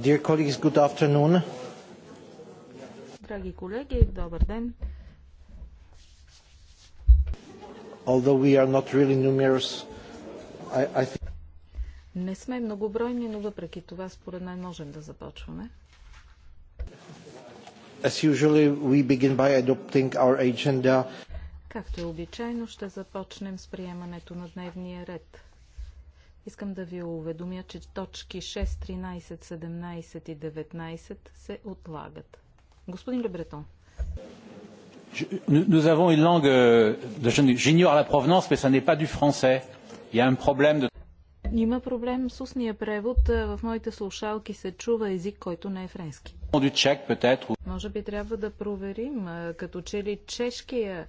Dear colleagues, good afternoon. Драги колеги, добър ден. Although we are not really numerous, I, I think... Не сме многобройни, но въпреки това според мен можем да започваме. As usually, we begin by adopting our agenda. Както е обичайно, ще започнем с приемането на дневния ред. Искам да ви уведомя, че точки 6, 13, 17 и 19 се отлагат. Господин Лебретон. Nous avons une langue, euh, j'ignore la provenance, mais ça n'est pas du français. Il y a un problème de... Има проблем с устния превод. Е, в моите слушалки се чува език, който не е френски. Може би трябва да проверим, е, като че ли чешкия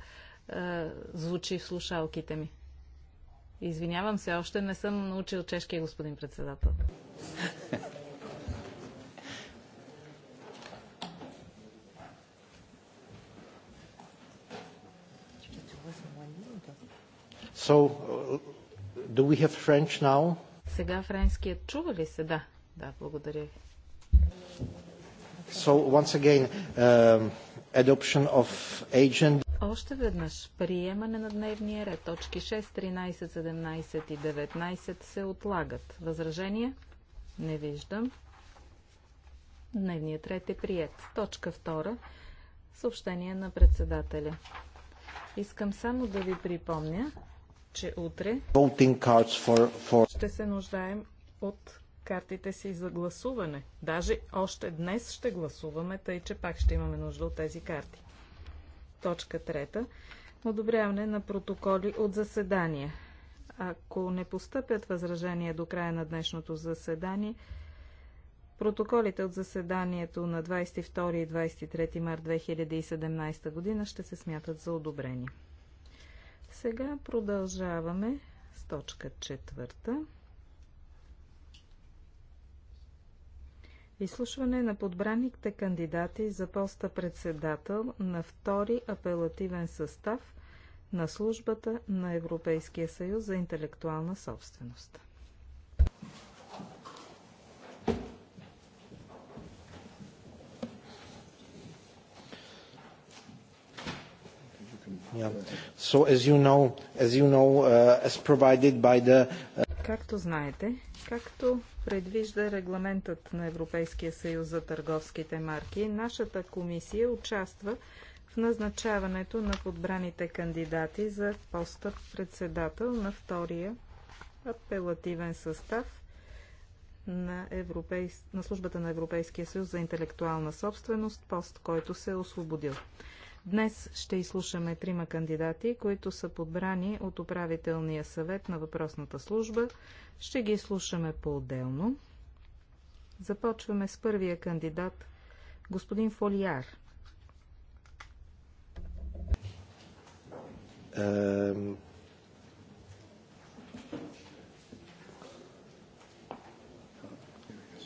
е, звучи в слушалките ми. Извинявам се, още не съм научил чешкия господин председател. So, uh, do we have French now? Сега френският чува ли се? Да. Да, благодаря ви. So, once again, uh, adoption of agent още веднъж приемане на дневния ред. Точки 6, 13, 17 и 19 се отлагат. Възражения. Не виждам. Дневният ред е прият. Точка 2. Съобщение на председателя. Искам само да ви припомня, че утре ще се нуждаем от картите си за гласуване. Даже още днес ще гласуваме, тъй че пак ще имаме нужда от тези карти. Точка трета. Одобряване на протоколи от заседания. Ако не постъпят възражения до края на днешното заседание, протоколите от заседанието на 22 и 23 март 2017 година ще се смятат за одобрени. Сега продължаваме с точка четвърта. Изслушване на подбраните кандидати за поста председател на втори апелативен състав на службата на Европейския съюз за интелектуална собственост. Yeah. So as you know, as you know, uh, as provided by the uh Както знаете, както предвижда регламентът на Европейския съюз за търговските марки, нашата комисия участва в назначаването на подбраните кандидати за поста председател на втория апелативен състав на, Европейс... на службата на Европейския съюз за интелектуална собственост, пост, който се е освободил. Днес ще изслушаме трима кандидати, които са подбрани от управителния съвет на въпросната служба. Ще ги изслушаме по-отделно. Започваме с първия кандидат, господин Фолияр. Um...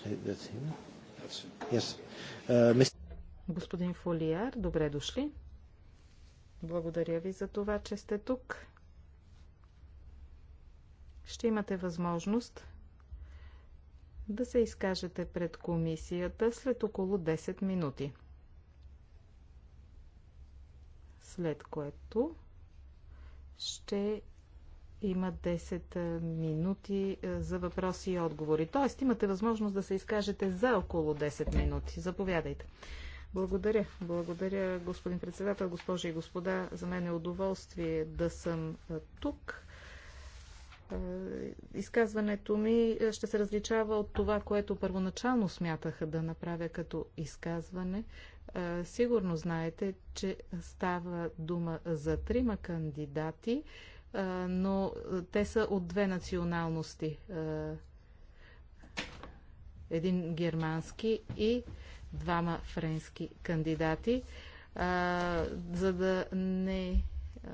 Е, yes. Uh, Господин Фолияр, добре дошли. Благодаря ви за това, че сте тук. Ще имате възможност да се изкажете пред комисията след около 10 минути. След което ще има 10 минути е, за въпроси и отговори. Тоест имате възможност да се изкажете за около 10 минути. Заповядайте. Благодаря. Благодаря, господин председател, госпожи и господа. За мен е удоволствие да съм тук. Изказването ми ще се различава от това, което първоначално смятах да направя като изказване. Сигурно знаете, че става дума за трима кандидати, но те са от две националности. Един германски и двама френски кандидати, а, за да не а,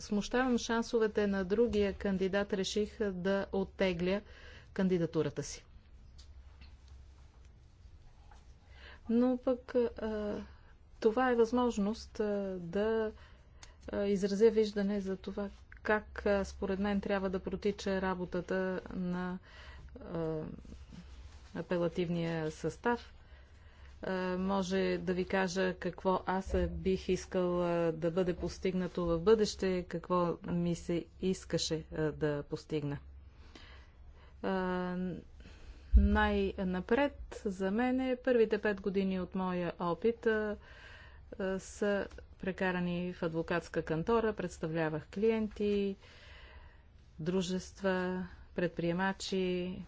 смущавам шансовете на другия кандидат, реших да оттегля кандидатурата си. Но пък а, това е възможност а, да а, изразя виждане за това как а, според мен трябва да протича работата на а, апелативния състав. Е, може да ви кажа какво аз бих искал е, да бъде постигнато в бъдеще, какво ми се искаше е, да постигна. Най-напред за мен първите пет години от моя опит са прекарани в адвокатска кантора, представлявах клиенти, дружества, предприемачи,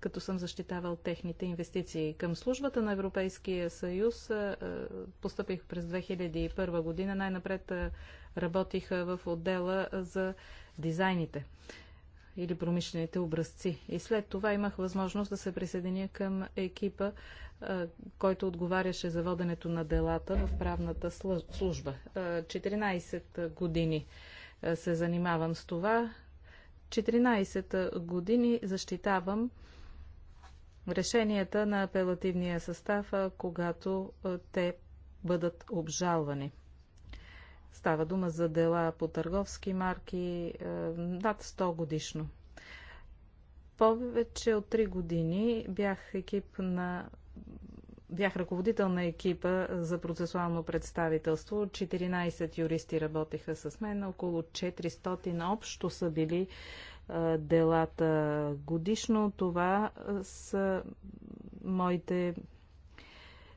като съм защитавал техните инвестиции. Към службата на Европейския съюз постъпих през 2001 година. Най-напред работих в отдела за дизайните или промишлените образци. И след това имах възможност да се присъединя към екипа, който отговаряше за воденето на делата в правната служба. 14 години се занимавам с това. 14 години защитавам решенията на апелативния състав, когато те бъдат обжалвани. Става дума за дела по търговски марки над 100 годишно. Повече от 3 години бях екип на бях ръководител на екипа за процесуално представителство. 14 юристи работеха с мен, около 400 общо са били делата годишно. Това са моите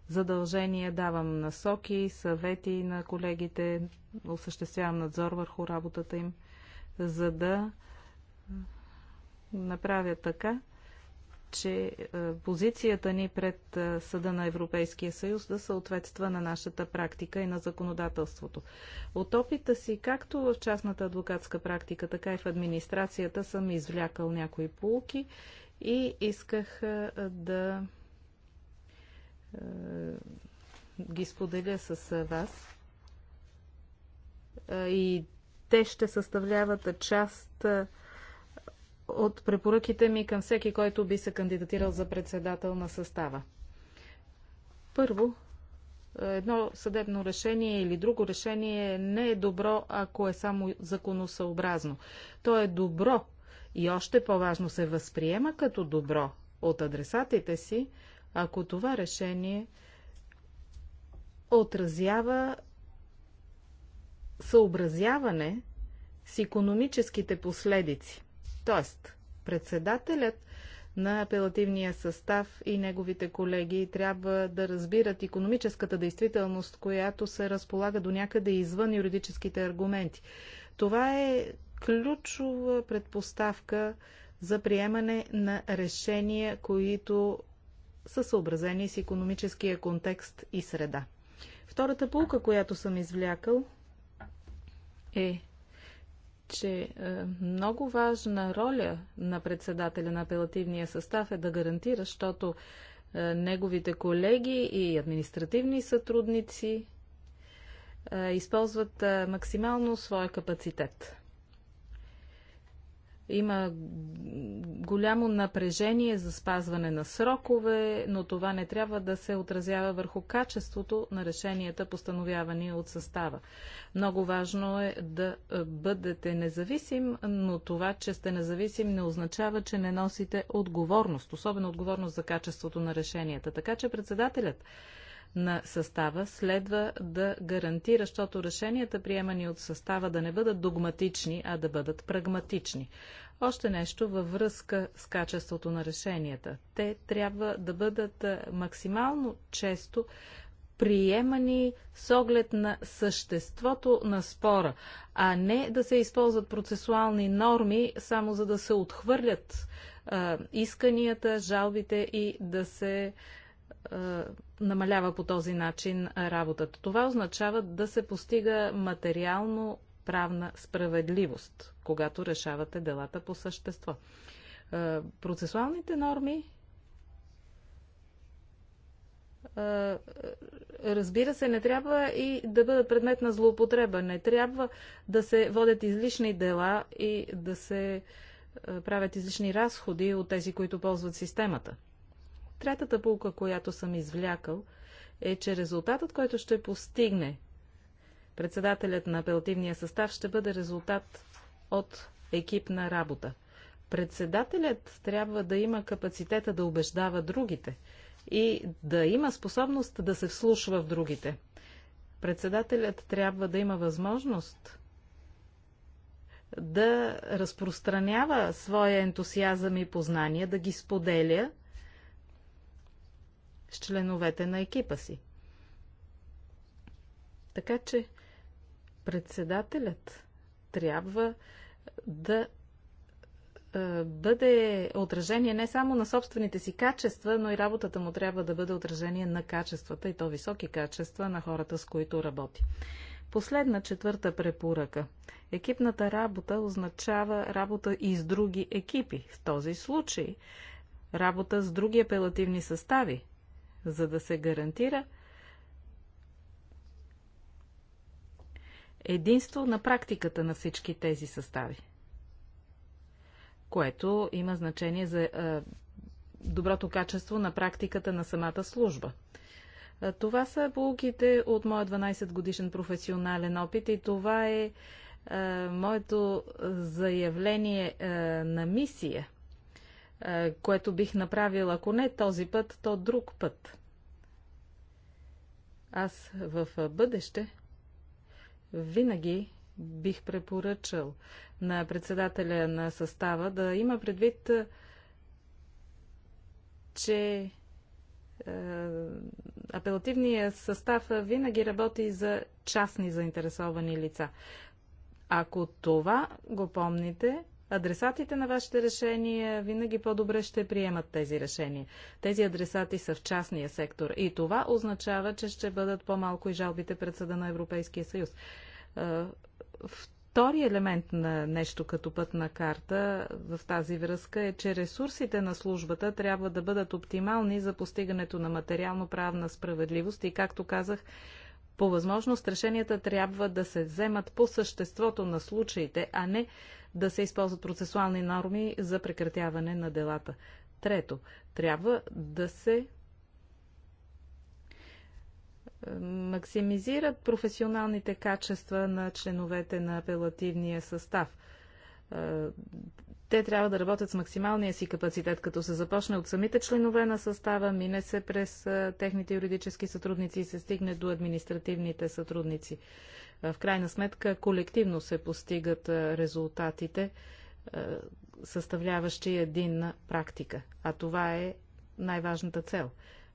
задължения. Давам насоки, съвети на колегите, осъществявам надзор върху работата им, за да направя така, че е, позицията ни пред е, Съда на Европейския съюз да съответства на нашата практика и на законодателството. От опита си, както в частната адвокатска практика, така и в администрацията, съм извлякал някои полуки и исках е, да ги споделя с вас. И те ще съставляват част от препоръките ми към всеки, който би се кандидатирал за председател на състава. Първо, едно съдебно решение или друго решение не е добро, ако е само законосъобразно. То е добро и още по-важно се възприема като добро от адресатите си, ако това решение отразява съобразяване с економическите последици т.е. председателят на апелативния състав и неговите колеги трябва да разбират економическата действителност, която се разполага до някъде извън юридическите аргументи. Това е ключова предпоставка за приемане на решения, които са съобразени с економическия контекст и среда. Втората полка, която съм извлякал е че е, много важна роля на председателя на апелативния състав е да гарантира, защото е, неговите колеги и административни сътрудници е, използват максимално своя капацитет. Има голямо напрежение за спазване на срокове, но това не трябва да се отразява върху качеството на решенията, постановявани от състава. Много важно е да бъдете независим, но това, че сте независим, не означава, че не носите отговорност, особено отговорност за качеството на решенията. Така че председателят на състава следва да гарантира, защото решенията, приемани от състава, да не бъдат догматични, а да бъдат прагматични. Още нещо във връзка с качеството на решенията. Те трябва да бъдат максимално често приемани с оглед на съществото на спора, а не да се използват процесуални норми само за да се отхвърлят исканията, жалбите и да се е, намалява по този начин работата. Това означава да се постига материално правна справедливост, когато решавате делата по същество. Е, процесуалните норми е, разбира се, не трябва и да бъдат предмет на злоупотреба. Не трябва да се водят излишни дела и да се правят излишни разходи от тези, които ползват системата. Третата полка, която съм извлякал, е, че резултатът, който ще постигне председателят на апелативния състав, ще бъде резултат от екипна работа. Председателят трябва да има капацитета да убеждава другите и да има способност да се вслушва в другите. Председателят трябва да има възможност да разпространява своя ентусиазъм и познания, да ги споделя – с членовете на екипа си. Така че председателят трябва да бъде отражение не само на собствените си качества, но и работата му трябва да бъде отражение на качествата и то високи качества на хората, с които работи. Последна четвърта препоръка. Екипната работа означава работа и с други екипи. В този случай работа с други апелативни състави, за да се гарантира единство на практиката на всички тези състави, което има значение за е, доброто качество на практиката на самата служба. Това са полуките от моя 12 годишен професионален опит и това е, е моето заявление е, на мисия – е, което бих направил, ако не този път, то друг път. Аз в бъдеще винаги бих препоръчал на председателя на състава да има предвид, е, че е, апелативният състав винаги работи за частни заинтересовани лица. Ако това го помните, адресатите на вашите решения винаги по-добре ще приемат тези решения. Тези адресати са в частния сектор и това означава, че ще бъдат по-малко и жалбите пред съда на Европейския съюз. Втори елемент на нещо като пътна карта в тази връзка е, че ресурсите на службата трябва да бъдат оптимални за постигането на материално-правна справедливост и, както казах, по възможност решенията трябва да се вземат по съществото на случаите, а не да се използват процесуални норми за прекратяване на делата. Трето, трябва да се е, максимизират професионалните качества на членовете на апелативния състав. Е, те трябва да работят с максималния си капацитет, като се започне от самите членове на състава, мине се през е, техните юридически сътрудници и се стигне до административните сътрудници в крайна сметка колективно се постигат резултатите, съставляващи единна практика. А това е най-важната цел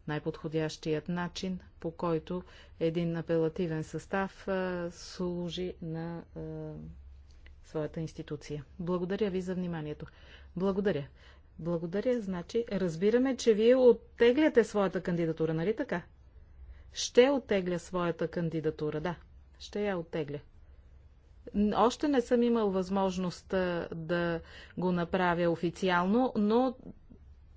най-подходящият начин, по който един апелативен състав служи на своята институция. Благодаря ви за вниманието. Благодаря. Благодаря, значи, разбираме, че вие оттегляте своята кандидатура, нали така? Ще оттегля своята кандидатура, да ще я оттегля. Още не съм имал възможност да го направя официално, но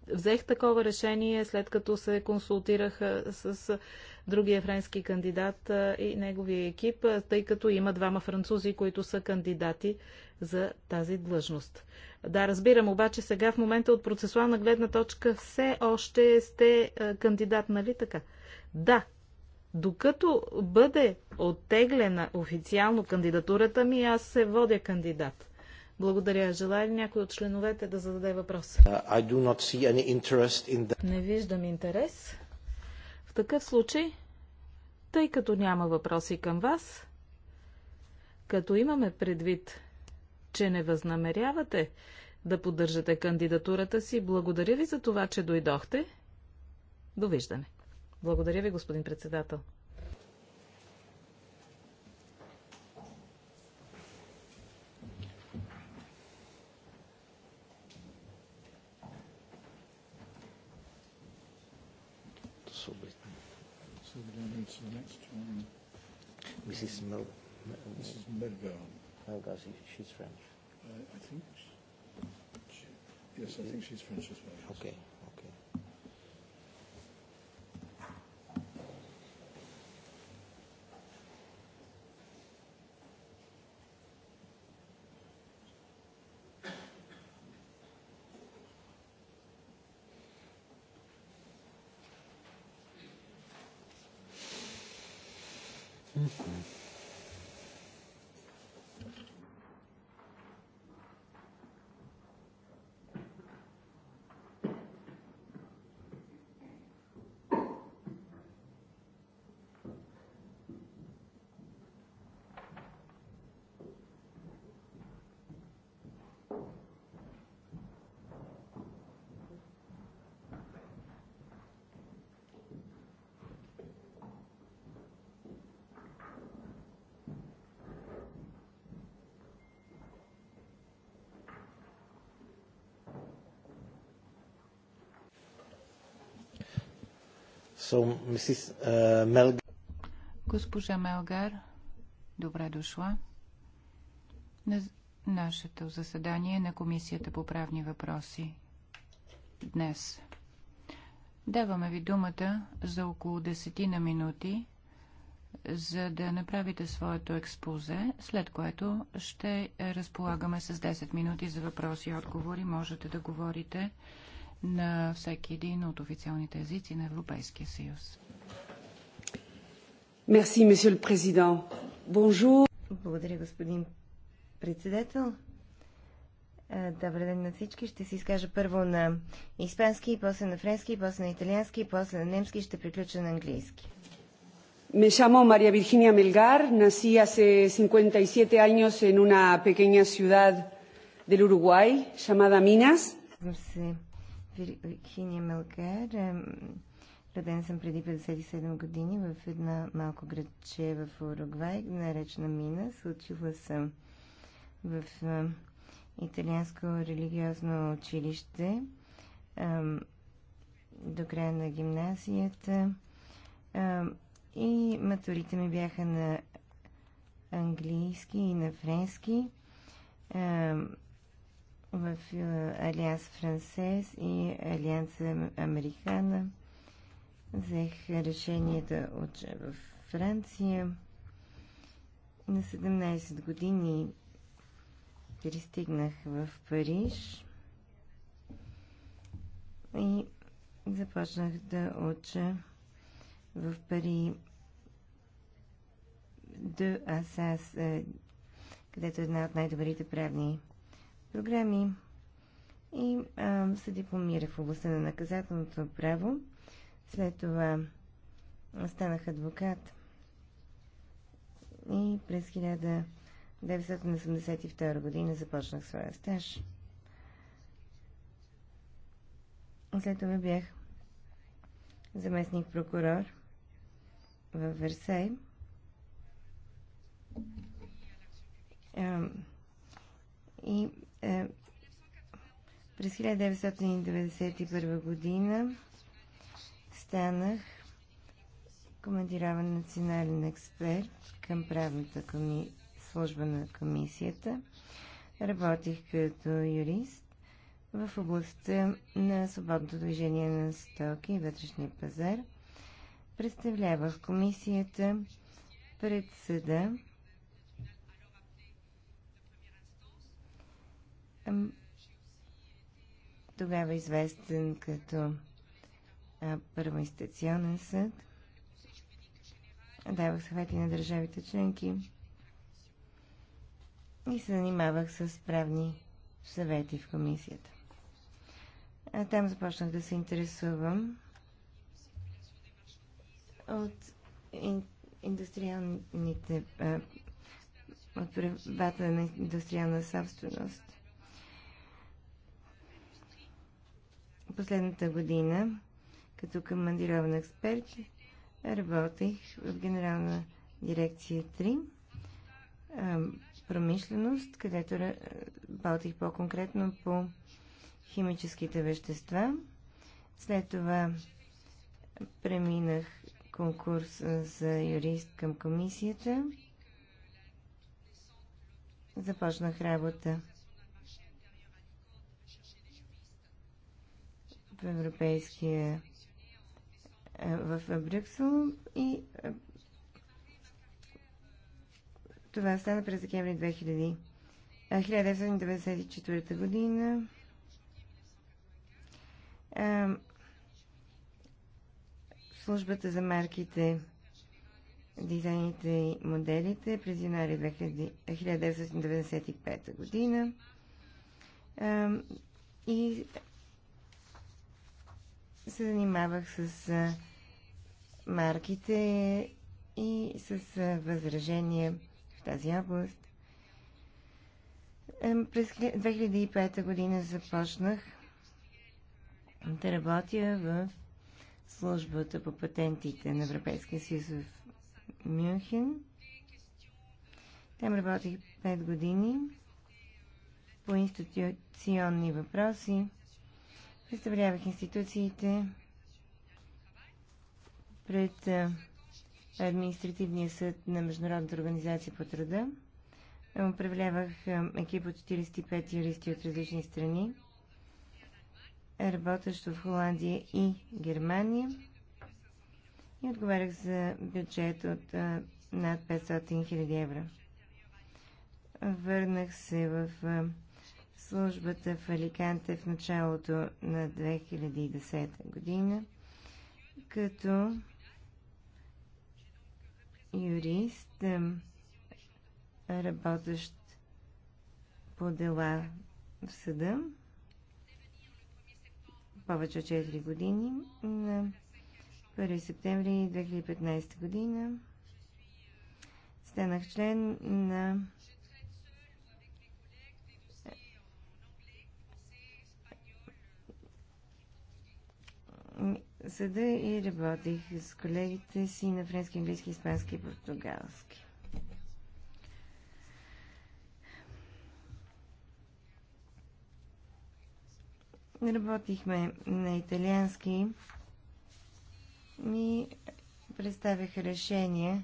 взех такова решение след като се консултирах с другия френски кандидат и неговия екип, тъй като има двама французи, които са кандидати за тази длъжност. Да, разбирам, обаче сега в момента от процесуална гледна точка все още сте кандидат, нали така? Да, докато бъде оттеглена официално кандидатурата ми, аз се водя кандидат. Благодаря. Желая ли някой от членовете да зададе въпрос? Uh, in the... Не виждам интерес. В такъв случай, тъй като няма въпроси към вас, като имаме предвид, че не възнамерявате да поддържате кандидатурата си, благодаря ви за това, че дойдохте. Довиждане. Благодаря ви, господин председател. Mrs. Mel. Mrs. Melbourne. Melbourne. She's French. I, I think. She, yes, I think she's French as well. Okay. So, Mrs. Е, Госпожа Мелгар, добре дошла на нашето заседание на Комисията по правни въпроси днес. Даваме ви думата за около десетина минути, за да направите своето експозе, след което ще разполагаме с 10 минути за въпроси и отговори. Можете да говорите на всеки един от официалните езици на Европейския съюз. Мерси, месье президент. Бонжур. Благодаря, господин председател. Е, добър ден на всички. Ще се изкажа първо на испански, после на френски, после на италиански, после на немски, и ще приключа на английски. Me llamo María Virginia Melgar, nací hace 57 años en una pequeña ciudad del Uruguay llamada Minas. Вирхиния Мелкер. Родена съм преди 57 години в една малко градче в Уругвай, наречена Мина. Случила съм в италианско религиозно училище до края на гимназията и матурите ми бяха на английски и на френски в е, Алианс Франсез и Алианс Американа. Взех решение да уча в Франция. На 17 години пристигнах в Париж и започнах да уча в Пари де Асас, е, където е една от най-добрите правни програми и а, се дипломира в областта на наказателното право. След това станах адвокат и през 1982 година започнах своя стаж. След това бях заместник прокурор в Версай. И е, през 1991 година станах командирован национален експерт към правната коми... служба на комисията. Работих като юрист в областта на свободното движение на стоки и вътрешния пазар. Представлявах комисията пред съда тогава известен като първоинстационен съд. Давах съвети на държавите членки и се занимавах с правни съвети в комисията. А там започнах да се интересувам от ин, индустриалните, а, от правата на индустриална собственост – последната година като командирован експерт работих в Генерална дирекция 3 промишленост, където работих по-конкретно по химическите вещества. След това преминах конкурс за юрист към комисията. Започнах работа в Европейския е, в Брюксел и е, това стана през декември 1994 е, година. Службата за марките, дизайните и моделите през януари 1995 година. И се занимавах с а, марките и с а, възражения в тази област. През 2005 година започнах да работя в службата по патентите на Европейския съюз в Мюнхен. Там работих 5 години по институционни въпроси Представлявах институциите пред Административния съд на Международната организация по труда. Управлявах екип от 45 юристи от различни страни, работещ в Холандия и Германия. И отговарях за бюджет от над 500 000 евро. Върнах се в службата в Аликанте в началото на 2010 година като юрист, е, работещ по дела в съда повече от 4 години. На 1 септември 2015 година станах член на съда и работих с колегите си на френски, английски, испански и португалски. Работихме на италиански и представях решения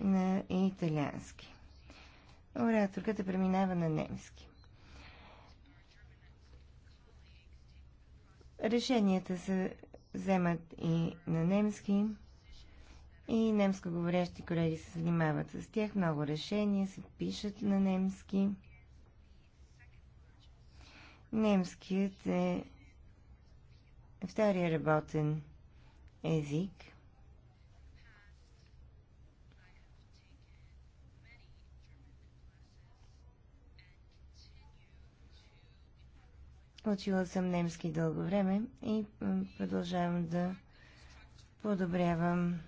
на италиански. Ораторката преминава на немски. Решенията се вземат и на немски и немско говорящи колеги се занимават с тях. Много решения се пишат на немски. Немският е втория работен език – Учила съм немски дълго време и продължавам да подобрявам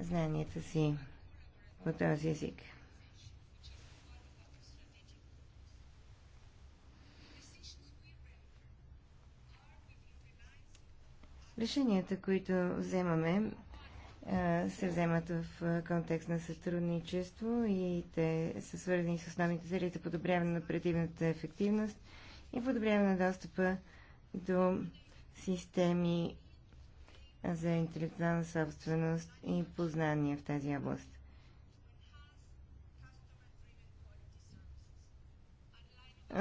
знанията си по този език. Решенията, които вземаме, се вземат в контекст на сътрудничество и те са свързани с основните цели за подобряване на оперативната ефективност – и подобряване на достъпа до системи за интелектуална собственост и познания в тази област.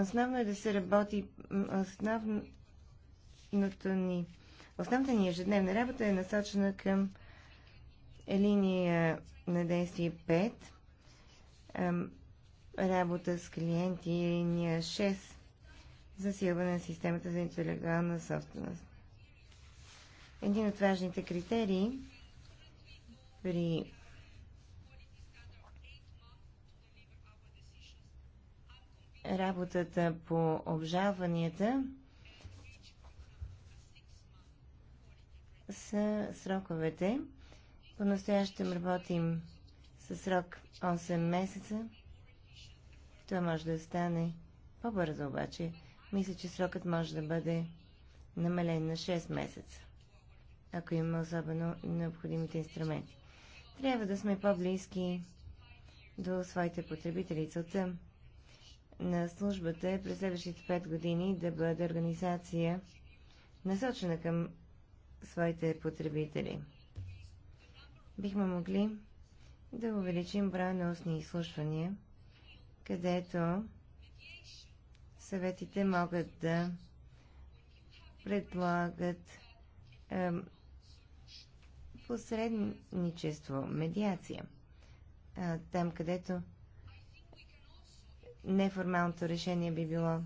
Основно е да се работи, основното ни, основната ни ежедневна работа е насочена към линия на действие 5, работа с клиенти, линия 6, засилване на системата за интелектуална собственост. Един от важните критерии при работата по обжалванията са сроковете. По-настоящем работим с срок 8 месеца. Това може да стане по-бързо обаче, мисля, че срокът може да бъде намален на 6 месеца, ако има особено необходимите инструменти. Трябва да сме по-близки до своите потребители. Целта на службата е през следващите 5 години да бъде организация насочена към своите потребители. Бихме могли да увеличим броя на устни изслушвания, където съветите могат да предлагат е, посредничество, медиация. Е, там, където неформалното решение би било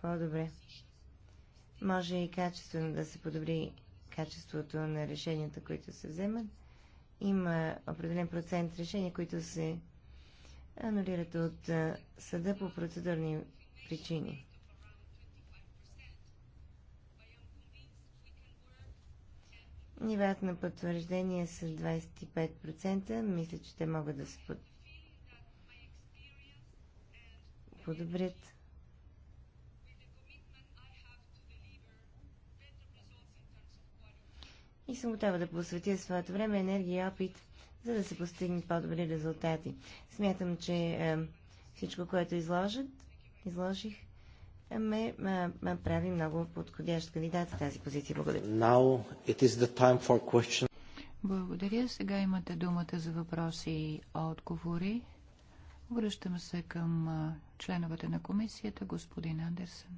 по-добре. Може и качествено да се подобри качеството на решенията, които се вземат. Има определен процент решения, които се анулират от съда по процедурни причини. Нивеят на потвърждение са 25%. Мисля, че те могат да се под... подобрят. И съм готова да посветя своето време, енергия и опит, за да се постигнат по-добри резултати. Смятам, че е, всичко, което изложат, изложих, ме ме, ме прави много подходящ кандидат в тази позиция. Благодаря. Now it is the time for question. Благодаря. Сега имате думата за въпроси и отговори. Връщам се към членовете на комисията, господин Андерсен.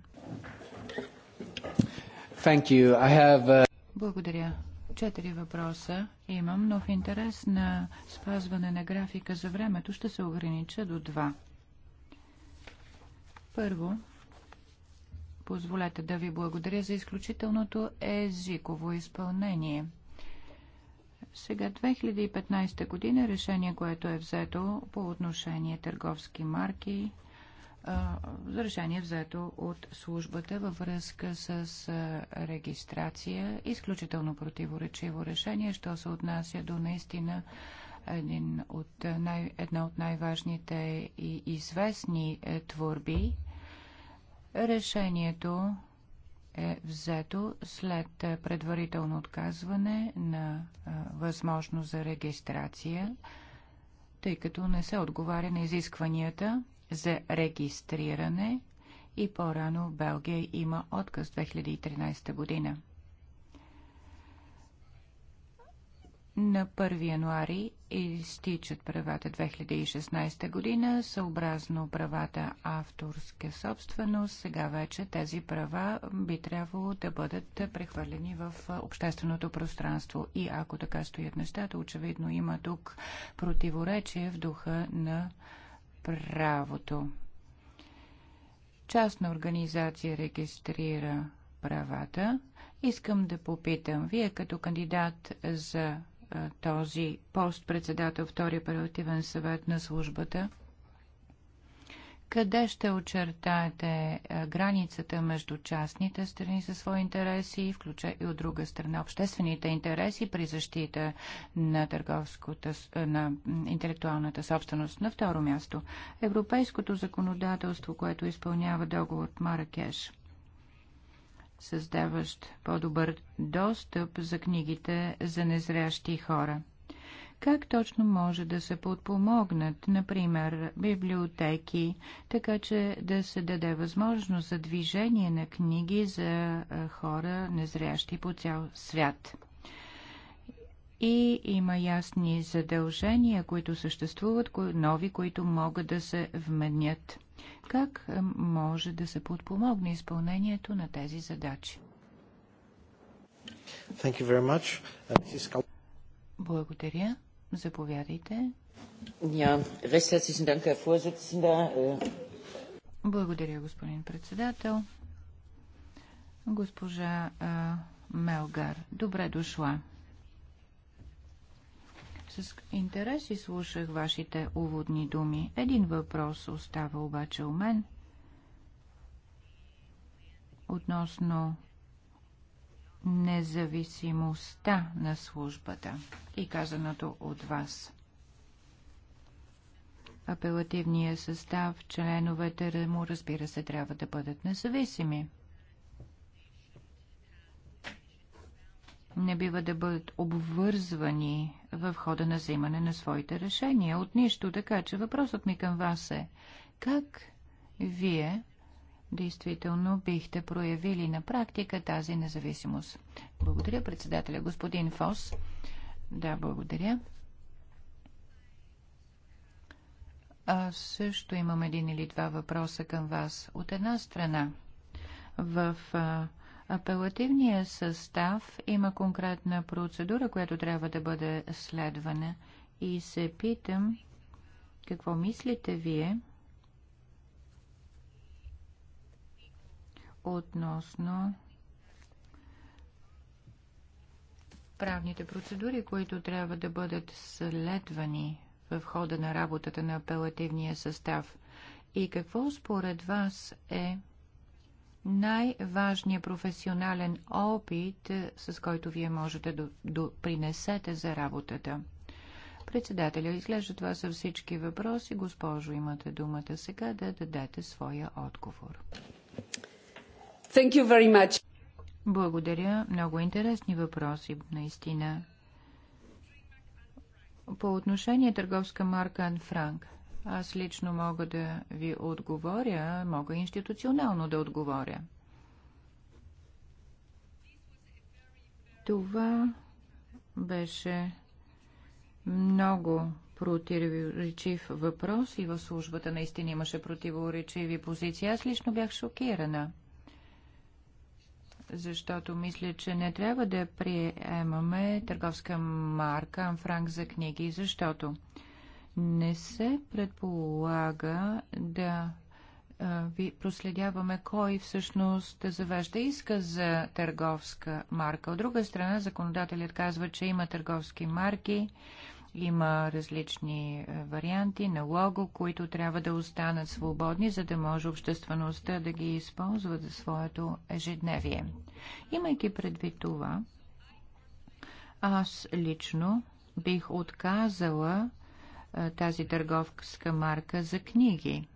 Thank you. I have, uh... Благодаря. Четири въпроса имам, но в интерес на спазване на графика за времето ще се огранича до два. Първо, позволете да ви благодаря за изключителното езиково изпълнение. Сега 2015 година решение, което е взето по отношение търговски марки, за решение взето от службата във връзка с регистрация. Изключително противоречиво решение, що се отнася до наистина един от най, една от най-важните и известни е, творби. Решението е взето след е, предварително отказване на е, възможност за регистрация, тъй като не се отговаря на изискванията за регистриране и по-рано Белгия има отказ 2013 година. на 1 януари изтичат правата 2016 година, съобразно правата авторска собственост. Сега вече тези права би трябвало да бъдат прехвърлени в общественото пространство. И ако така стоят нещата, очевидно има тук противоречие в духа на правото. Частна организация регистрира правата. Искам да попитам, вие като кандидат за този пост председател, втори оперативен съвет на службата. Къде ще очертаете границата между частните страни със свои интереси, включа и от друга страна обществените интереси при защита на, търговската, на интелектуалната собственост? На второ място, европейското законодателство, което изпълнява договор от Маракеш – създаващ по-добър достъп за книгите за незрящи хора. Как точно може да се подпомогнат, например, библиотеки, така че да се даде възможност за движение на книги за хора незрящи по цял свят? и има ясни задължения, които съществуват, нови, които могат да се вменят. Как е, може да се подпомогне изпълнението на тези задачи? Thank you very much. Uh, is... Благодаря. Заповядайте. Äh, Благодаря, господин председател. Госпожа Мелгар, добре дошла. С интерес и слушах вашите уводни думи. Един въпрос остава обаче у мен относно независимостта на службата и казаното от вас. Апелативният състав, членовете му, разбира се, трябва да бъдат независими. Не бива да бъдат обвързвани в хода на взимане на своите решения от нищо. Така че въпросът ми към вас е как вие действително бихте проявили на практика тази независимост. Благодаря, председателя. Господин Фос. Да, благодаря. Аз също имам един или два въпроса към вас. От една страна, в а, Апелативният състав има конкретна процедура, която трябва да бъде следвана. И се питам, какво мислите вие относно правните процедури, които трябва да бъдат следвани в хода на работата на апелативния състав? И какво според вас е най-важният професионален опит, е, с който вие можете да допринесете за работата. Председателя, изглежда това са всички въпроси. Госпожо, имате думата сега да дадете своя отговор. Thank you very much. Благодаря. Много интересни въпроси, наистина. По отношение търговска марка Анфранк. Аз лично мога да ви отговоря, мога институционално да отговоря. Това беше много противоречив въпрос и в службата наистина имаше противоречиви позиции. Аз лично бях шокирана, защото мисля, че не трябва да приемаме търговска марка Франк за книги, защото не се предполага да ви проследяваме кой всъщност завежда иска за търговска марка. От друга страна, законодателят казва, че има търговски марки, има различни е, варианти на лого, които трябва да останат свободни, за да може обществеността да ги използва за своето ежедневие. Имайки предвид това, аз лично бих отказала тази търговска марка за книги,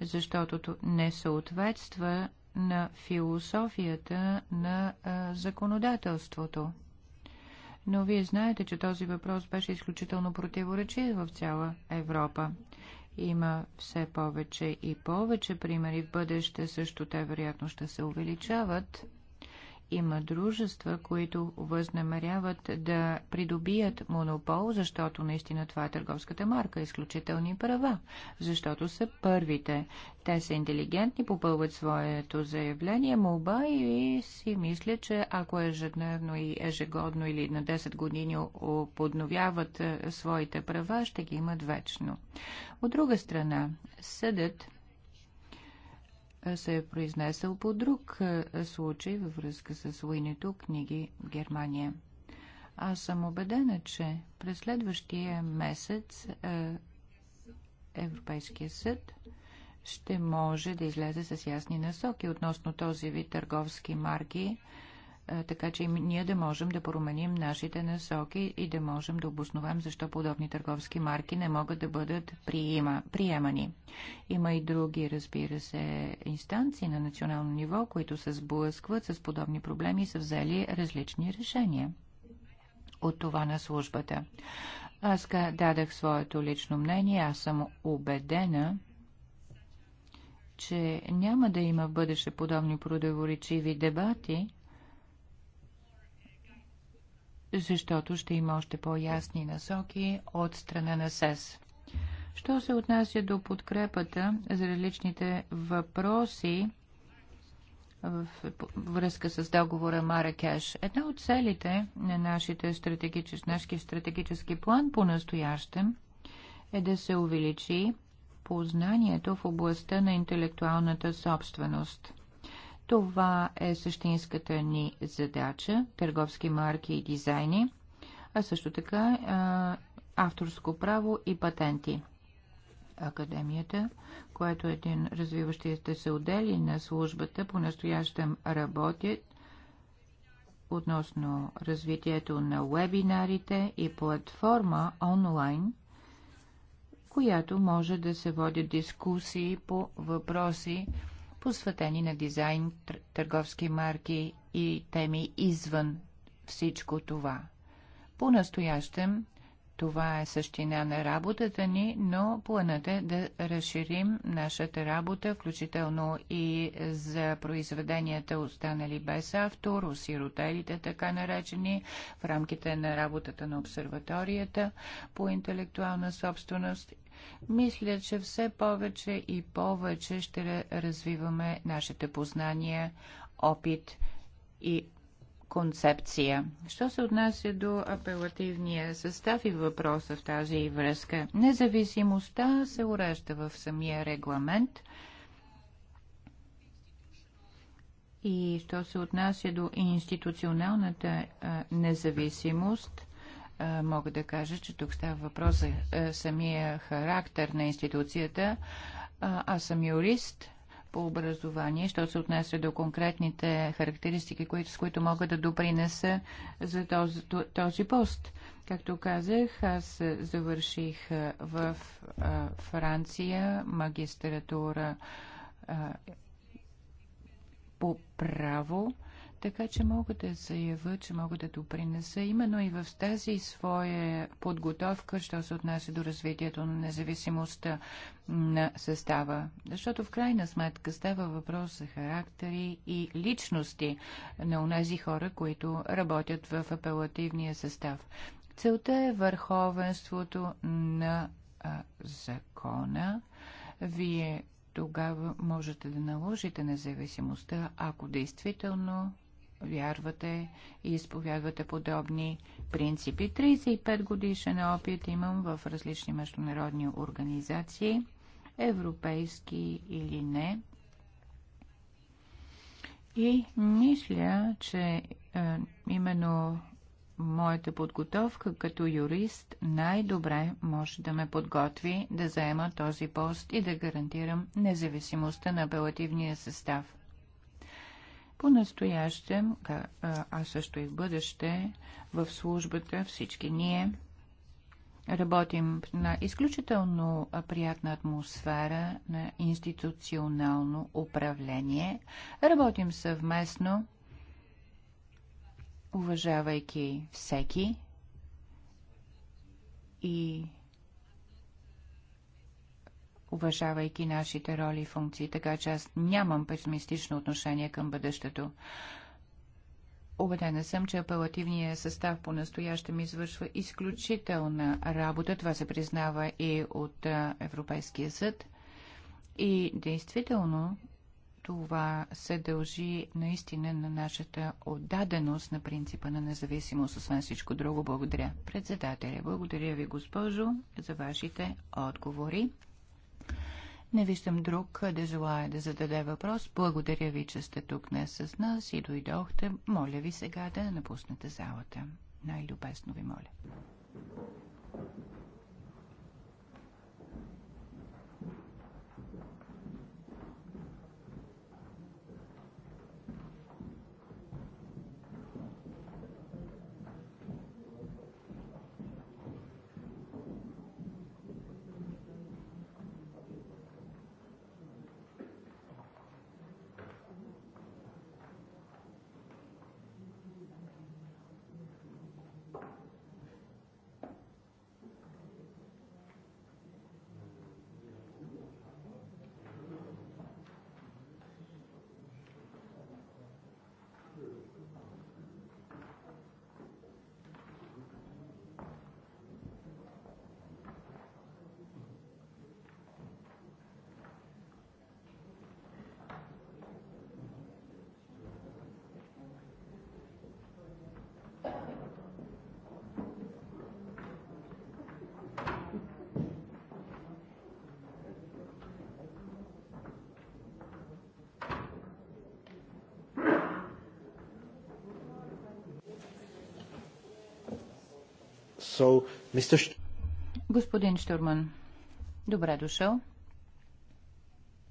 защото не съответства на философията на законодателството. Но вие знаете, че този въпрос беше изключително противоречив в цяла Европа. Има все повече и повече примери в бъдеще, също те вероятно ще се увеличават има дружества, които възнамеряват да придобият монопол, защото наистина това е търговската марка, изключителни права, защото са първите. Те са интелигентни, попълват своето заявление, молба и си мисля, че ако ежедневно и ежегодно или на 10 години подновяват своите права, ще ги имат вечно. От друга страна, съдът се е произнесъл по друг е, случай във връзка с войнито книги в Германия. Аз съм убедена, че през следващия месец е, Европейския съд ще може да излезе с ясни насоки относно този вид търговски марки, така че ние да можем да променим нашите насоки и да можем да обосновам защо подобни търговски марки не могат да бъдат приема, приемани. Има и други, разбира се, инстанции на национално ниво, които се сблъскват с подобни проблеми и са взели различни решения от това на службата. Аз дадах своето лично мнение, аз съм убедена, че няма да има в бъдеще подобни противоречиви дебати, защото ще има още по-ясни насоки от страна на СЕС. Що се отнася до подкрепата за различните въпроси в връзка с договора Маракеш, една от целите на нашите стратегичес, нашия стратегически план по-настоящем е да се увеличи познанието в областта на интелектуалната собственост – това е същинската ни задача – търговски марки и дизайни, а също така авторско право и патенти. Академията, което е един развиващите се отдели на службата, по-настоящем работят относно развитието на вебинарите и платформа онлайн, която може да се водят дискусии по въпроси, посветени на дизайн, търговски марки и теми извън всичко това. По-настоящем това е същина на работата ни, но планът е да разширим нашата работа, включително и за произведенията останали без автор, осиротелите така наречени, в рамките на работата на обсерваторията по интелектуална собственост мисля, че все повече и повече ще развиваме нашите познания, опит и концепция. Що се отнася до апелативния състав и въпроса в тази връзка? Независимостта се урежда в самия регламент. И що се отнася до институционалната независимост, мога да кажа, че тук става въпрос за е, самия характер на институцията. Аз съм юрист по образование, що се отнася до конкретните характеристики, с които мога да допринеса за този, този пост. Както казах, аз завърших е, в е, Франция магистратура по право така че мога да заявя, че мога да допринеса именно и в тази своя подготовка, що се отнася до развитието на независимостта на състава. Защото в крайна сметка става въпрос за характери и личности на унези хора, които работят в апелативния състав. Целта е върховенството на а, закона. Вие тогава можете да наложите независимостта, ако действително вярвате и изповядвате подобни принципи. 35 годишен опит имам в различни международни организации, европейски или не. И мисля, че е, именно моята подготовка като юрист най-добре може да ме подготви да заема този пост и да гарантирам независимостта на апелативния състав. По-настоящем, а също и в бъдеще, в службата всички ние работим на изключително приятна атмосфера на институционално управление. Работим съвместно, уважавайки всеки и уважавайки нашите роли и функции, така че аз нямам песимистично отношение към бъдещето. Обедена съм, че апелативният състав по ми извършва изключителна работа. Това се признава и от Европейския съд. И действително това се дължи наистина на нашата отдаденост на принципа на независимост, освен всичко друго. Благодаря. Председателя, благодаря ви, госпожо, за вашите отговори. Не виждам друг да желая да зададе въпрос. Благодаря ви, че сте тук днес с нас и дойдохте. Моля ви сега да напуснете залата. Най-любесно ви моля. So, Mr. Господин Штурман, добре дошъл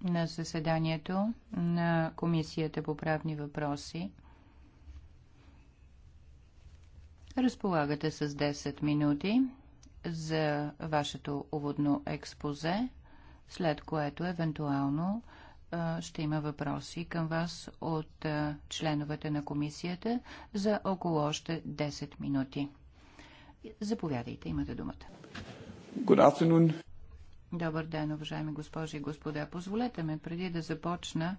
на заседанието на Комисията по правни въпроси. Разполагате с 10 минути за вашето уводно експозе, след което евентуално ще има въпроси към вас от членовете на комисията за около още 10 минути. Заповядайте, имате думата. Good afternoon. Добър ден, уважаеми госпожи и господа. Позволете ме преди да започна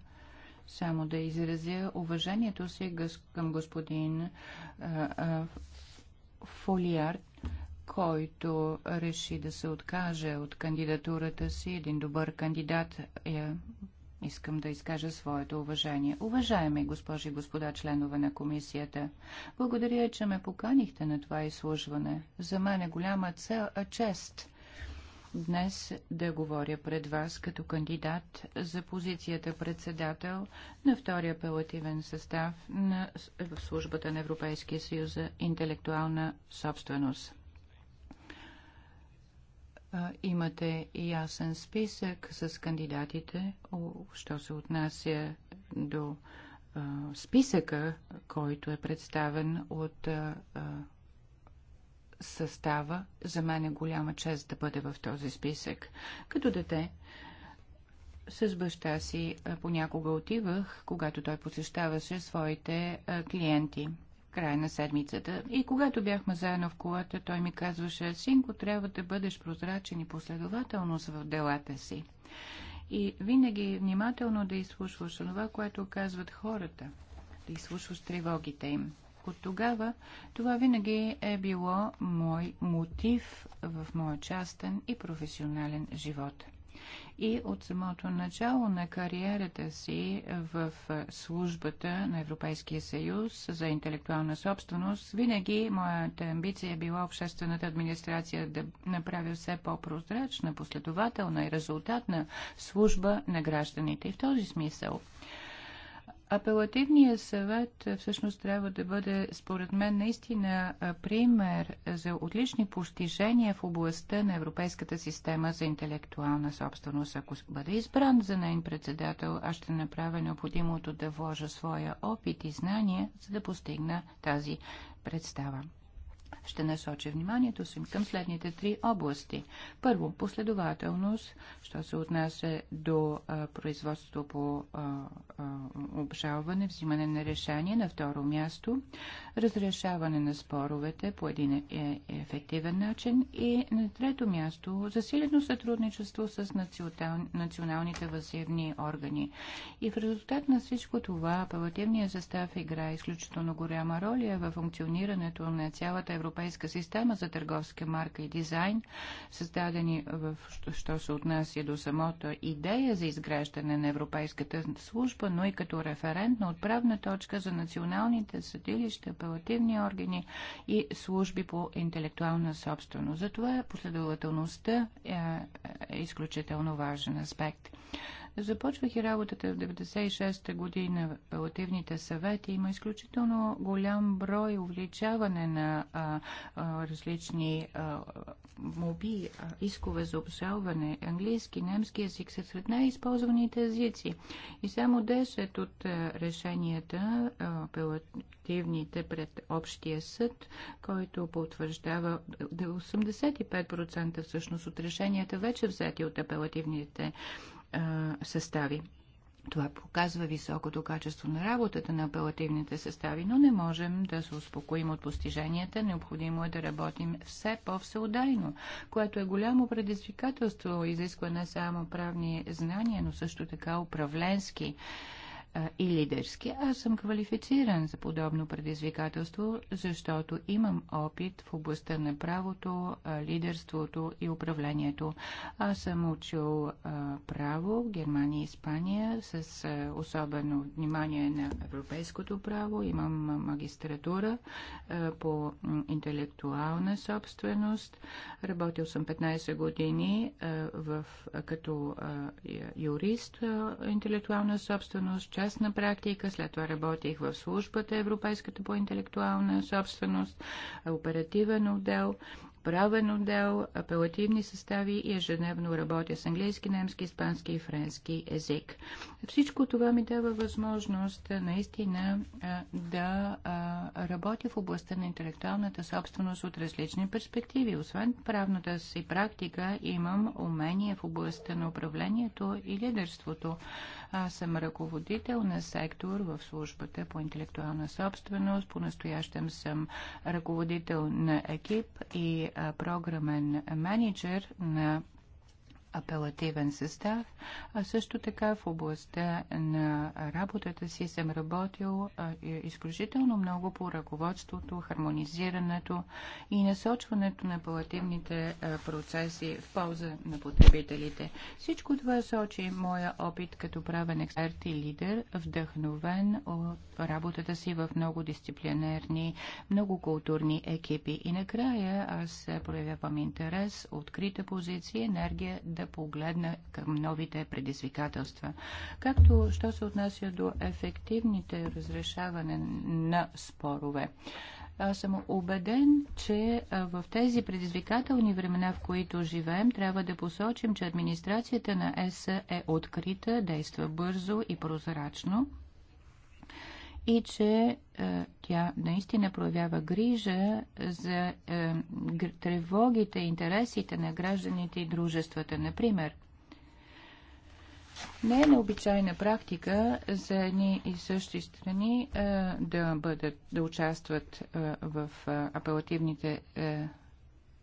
само да изразя уважението си към господин Фолиард, който реши да се откаже от кандидатурата си. Един добър кандидат е Искам да изкажа своето уважение. Уважаеми госпожи и господа членове на комисията, благодаря, че ме поканихте на това изслужване. За мен е голяма цел, а чест днес да говоря пред вас като кандидат за позицията председател на втория апелативен състав на, в службата на Европейския съюз за интелектуална собственост имате ясен списък с кандидатите, що се отнася до списъка, който е представен от състава. За мен е голяма чест да бъде в този списък. Като дете с баща си понякога отивах, когато той посещаваше своите клиенти – края на седмицата. И когато бяхме заедно в колата, той ми казваше, синко, трябва да бъдеш прозрачен и последователно в делата си. И винаги внимателно да изслушваш това, което казват хората, да изслушваш тревогите им. От тогава това винаги е било мой мотив в моя частен и професионален живот и от самото начало на кариерата си в службата на Европейския съюз за интелектуална собственост, винаги моята амбиция е била обществената администрация да направи все по-прозрачна, последователна и резултатна служба на гражданите. И в този смисъл Апелативният съвет е, всъщност трябва да бъде, според мен, наистина е, пример за отлични постижения в областта на Европейската система за интелектуална собственост. Ако бъде избран за нейн председател, аз ще направя необходимото да вложа своя опит и знания, за да постигна тази представа ще насоча вниманието си към следните три области. Първо, последователност, що се отнася до а, производство по а, а, обжалване, взимане на решение. На второ място, разрешаване на споровете по един е, е ефективен начин. И на трето място, засилено сътрудничество с национал, националните въззивни органи. И в резултат на всичко това, апелативният състав играе изключително голяма роля в функционирането на цялата европейска система за търговска марка и дизайн, създадени в, що се отнася до самото идея за изграждане на Европейската служба, но и като референтна отправна точка за националните съдилища, апелативни органи и служби по интелектуална собственост. Затова последователността е, е, е изключително важен аспект. Започвайки работата в 96-та година в апелативните съвети, има изключително голям брой увеличаване на а, а, различни а, моби, а, искове за обжалване, английски, немски език са сред най-използваните езици. И само 10 от решенията, апелативните пред Общия съд, който потвърждава 85% всъщност от решенията вече взети от апелативните състави. Това показва високото качество на работата на апелативните състави, но не можем да се успокоим от постиженията. Необходимо е да работим все по-всеудайно, което е голямо предизвикателство, изисква не само правни знания, но също така управленски. А, и лидерски. Аз съм квалифициран за подобно предизвикателство, защото имам опит в областта на правото, лидерството и управлението. Аз съм учил право в Германия и Испания с особено внимание на европейското право. Имам магистратура по интелектуална собственост. Работил съм 15 години в, като юрист интелектуална собственост, част частна практика, след това работих в службата Европейската по интелектуална собственост, оперативен отдел, правен отдел, апелативни състави и ежедневно работя с английски, немски, испански и френски език. Всичко това ми дава възможност наистина да работя в областта на интелектуалната собственост от различни перспективи. Освен правната си практика, имам умение в областта на управлението и лидерството. Аз съм ръководител на сектор в службата по интелектуална собственост. По-настоящем съм ръководител на екип и програмен менеджер на апелативен състав, а също така в областта на работата си съм работил изключително много по ръководството, хармонизирането и насочването на апелативните процеси в полза на потребителите. Всичко това сочи моя опит като правен експерт и лидер, вдъхновен от работата си в много дисциплинерни, много културни екипи. И накрая аз проявявам интерес, открита позиция, енергия да да погледне към новите предизвикателства. Както, що се отнася до ефективните разрешаване на спорове. Аз съм убеден, че в тези предизвикателни времена, в които живеем, трябва да посочим, че администрацията на ЕС е открита, действа бързо и прозрачно, и че е, тя наистина проявява грижа за е, тревогите и интересите на гражданите и дружествата. Например, не е необичайна практика за едни и същи страни е, да, бъдат, да участват е, в е, апелативните е,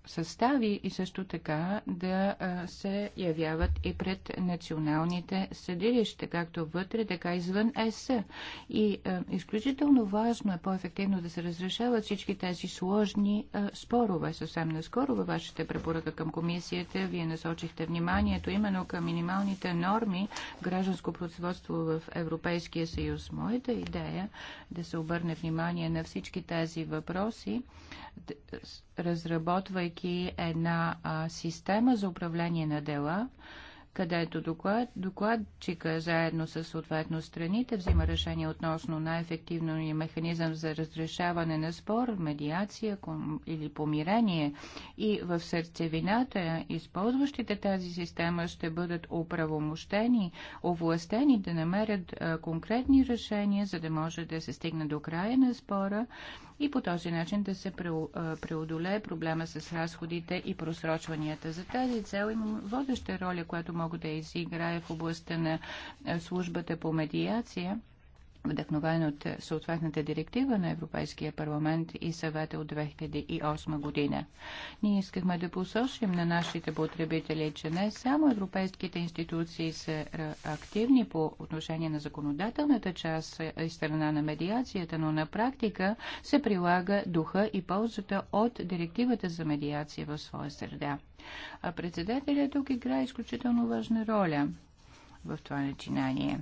състави и също така да се явяват и пред националните съдилища, както вътре, така и извън ЕС. И изключително важно е по-ефективно да се разрешават всички тези сложни спорове. Съвсем наскоро във вашата препоръка към комисията вие насочихте вниманието именно към минималните норми гражданско производство в Европейския съюз. Моята идея е да се обърне внимание на всички тези въпроси разработвайки една система за управление на дела, където доклад, докладчика заедно с съответно страните взима решение относно най-ефективния механизъм за разрешаване на спор, медиация ком, или помирение. И в сърцевината, използващите тази система ще бъдат оправомощени, овластени да намерят а, конкретни решения, за да може да се стигне до края на спора и по този начин да се преодолее проблема с разходите и просрочванията. За тази цел има водеща роля, която може мога да изиграя в областта на е, службата по медиация вдъхновен от е, съответната директива на Европейския парламент и съвета от 2008 година. Ние искахме да посочим на нашите потребители, че не само европейските институции са е, активни по отношение на законодателната част и страна на медиацията, но на практика се прилага духа и ползата от директивата за медиация в своя среда. А председателя тук играе изключително важна роля в това начинание.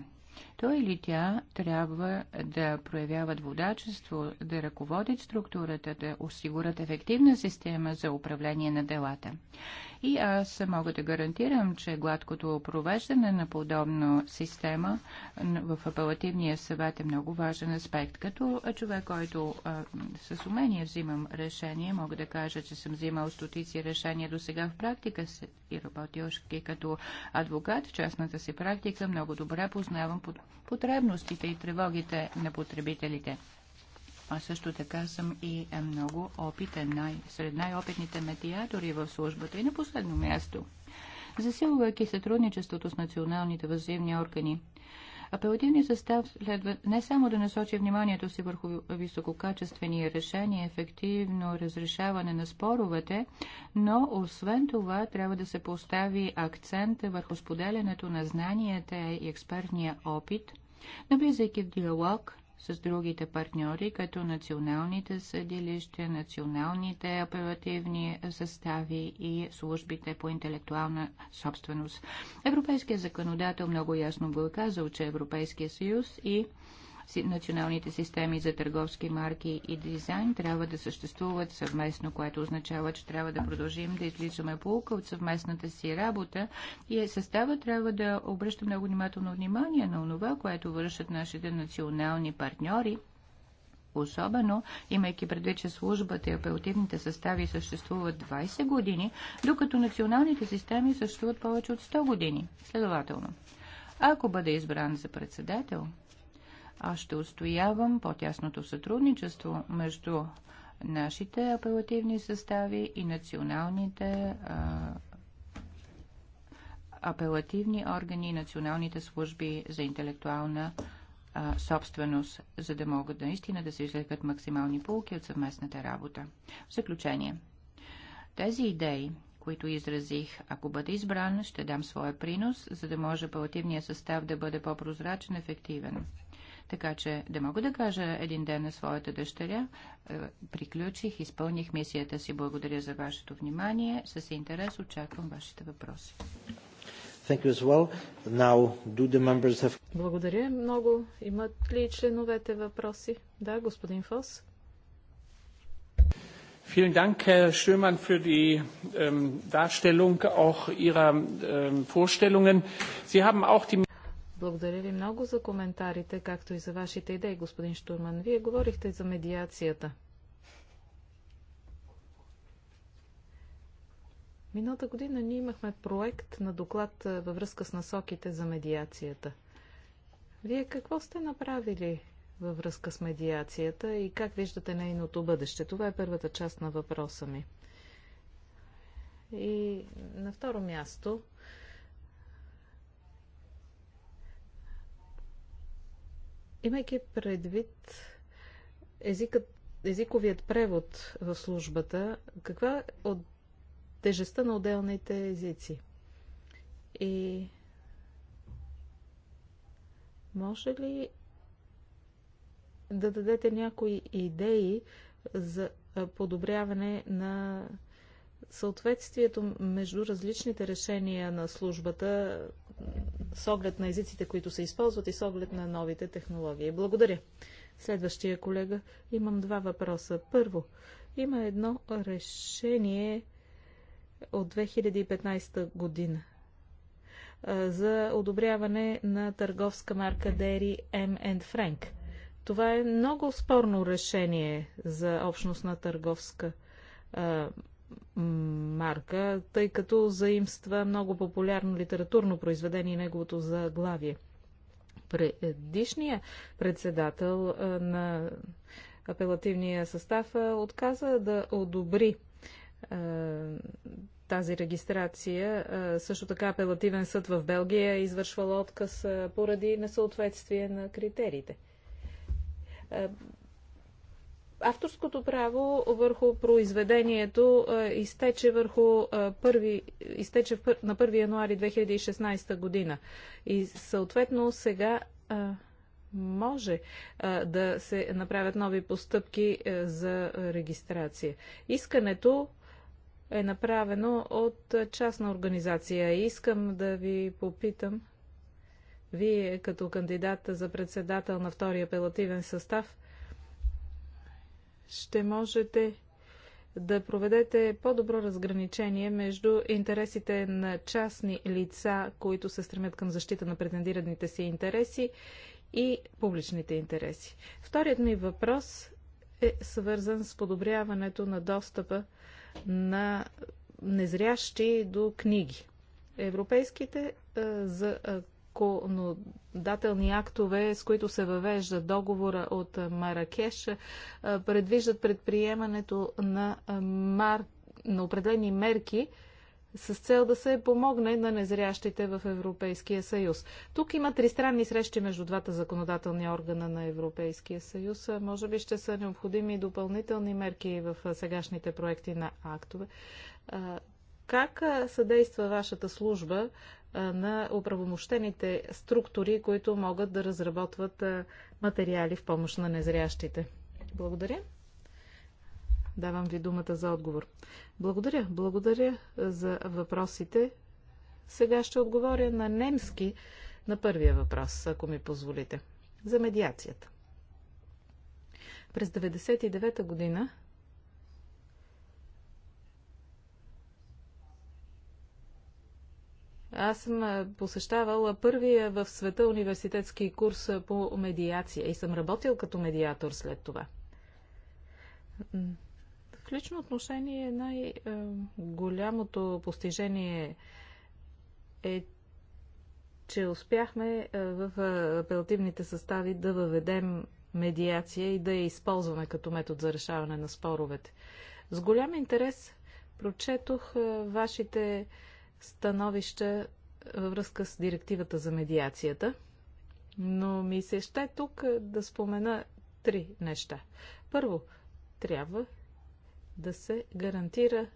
Той или тя трябва да проявяват водачество, да ръководят структурата, да осигурят ефективна система за управление на делата. И аз мога да гарантирам, че гладкото провеждане на подобна система в апелативния съвет е много важен аспект. Като човек, който а, с умение взимам решение, мога да кажа, че съм взимал стотици решения до сега в практика и работил като адвокат в частната си практика. Много добре познавам под потребностите и тревогите на потребителите. А също така съм и е много опитен, най- сред най-опитните медиатори в службата. И на последно място, засилвайки сътрудничеството с националните въззивни органи, Апелативният състав следва не само да насочи вниманието си върху висококачествени решения, ефективно разрешаване на споровете, но освен това трябва да се постави акцент върху споделянето на знанията и експертния опит, навлизайки в диалог с другите партньори, като националните съдилища, националните оперативни състави и службите по интелектуална собственост. Европейският законодател много ясно го е казал, че Европейския съюз и националните системи за търговски марки и дизайн трябва да съществуват съвместно, което означава, че трябва да продължим да изличаме полука от съвместната си работа и е, състава трябва да обръща много внимателно внимание на онова, което вършат нашите национални партньори, особено имайки предвид, че службата и апелативните състави съществуват 20 години, докато националните системи съществуват повече от 100 години. Следователно, ако бъде избран за председател, аз ще устоявам по-тясното сътрудничество между нашите апелативни състави и националните а, апелативни органи и националните служби за интелектуална а, собственост, за да могат наистина да се извлекат максимални полки от съвместната работа. В заключение, тези идеи, които изразих, ако бъда избран, ще дам своя принос, за да може апелативният състав да бъде по-прозрачен, ефективен. Така че да мога да кажа един ден на своята дъщеря, е, приключих, изпълних мисията си. Благодаря за вашето внимание. С интерес очаквам вашите въпроси. Thank you as Well. Now, do the have... Благодаря много. Имат ли членовете въпроси? Да, господин Фос. Vielen Dank, Herr Schömann, für die ähm, Darstellung auch Ihrer ähm, Vorstellungen. Sie haben auch die благодаря ви много за коментарите, както и за вашите идеи, господин Штурман. Вие говорихте за медиацията. Миналата година ние имахме проект на доклад във връзка с насоките за медиацията. Вие какво сте направили във връзка с медиацията и как виждате нейното бъдеще? Това е първата част на въпроса ми. И на второ място, Имайки предвид езикът, езиковият превод в службата, каква е от тежестта на отделните езици? И може ли да дадете някои идеи за подобряване на съответствието между различните решения на службата с оглед на езиците, които се използват и с оглед на новите технологии. Благодаря. Следващия колега, имам два въпроса. Първо, има едно решение от 2015 година за одобряване на търговска марка Дери М. Франк. Това е много спорно решение за общностна търговска а, марка, тъй като заимства много популярно литературно произведение и неговото заглавие. Предишният председател на апелативния състав отказа да одобри тази регистрация. също така апелативен съд в Белгия е извършвал отказ поради несъответствие на критериите авторското право върху произведението е, изтече, върху е, първи, изтече на 1 януари 2016 година. И съответно сега е, може да се направят нови постъпки за регистрация. Искането е направено от частна организация. Искам да ви попитам, вие като кандидат за председател на втория апелативен състав, ще можете да проведете по-добро разграничение между интересите на частни лица, които се стремят към защита на претендираните си интереси и публичните интереси. Вторият ми въпрос е свързан с подобряването на достъпа на незрящи до книги. Европейските за законодателни актове, с които се въвежда договора от Маракеш, предвиждат предприемането на, мар... на определени мерки, с цел да се помогне на незрящите в Европейския съюз. Тук има тристранни срещи между двата законодателни органа на Европейския съюз. Може би ще са необходими допълнителни мерки в сегашните проекти на актове. Как съдейства вашата служба на оправомощените структури, които могат да разработват материали в помощ на незрящите. Благодаря. Давам ви думата за отговор. Благодаря. Благодаря за въпросите. Сега ще отговоря на немски на първия въпрос, ако ми позволите. За медиацията. През 1999 година Аз съм посещавала първия в света университетски курс по медиация и съм работил като медиатор след това. В лично отношение най-голямото постижение е, че успяхме в апелативните състави да въведем медиация и да я използваме като метод за решаване на споровете. С голям интерес прочетох вашите становища е, във връзка с директивата за медиацията, но ми се ще тук е, да спомена три неща. Първо, трябва да се гарантира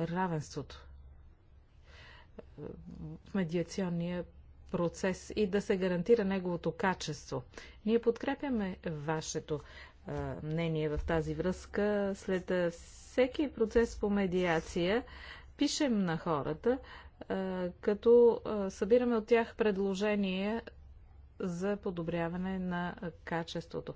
равенството е, в медиационния процес и да се гарантира неговото качество. Ние подкрепяме вашето мнение в тази връзка. След всеки процес по медиация пишем на хората, като събираме от тях предложения за подобряване на качеството.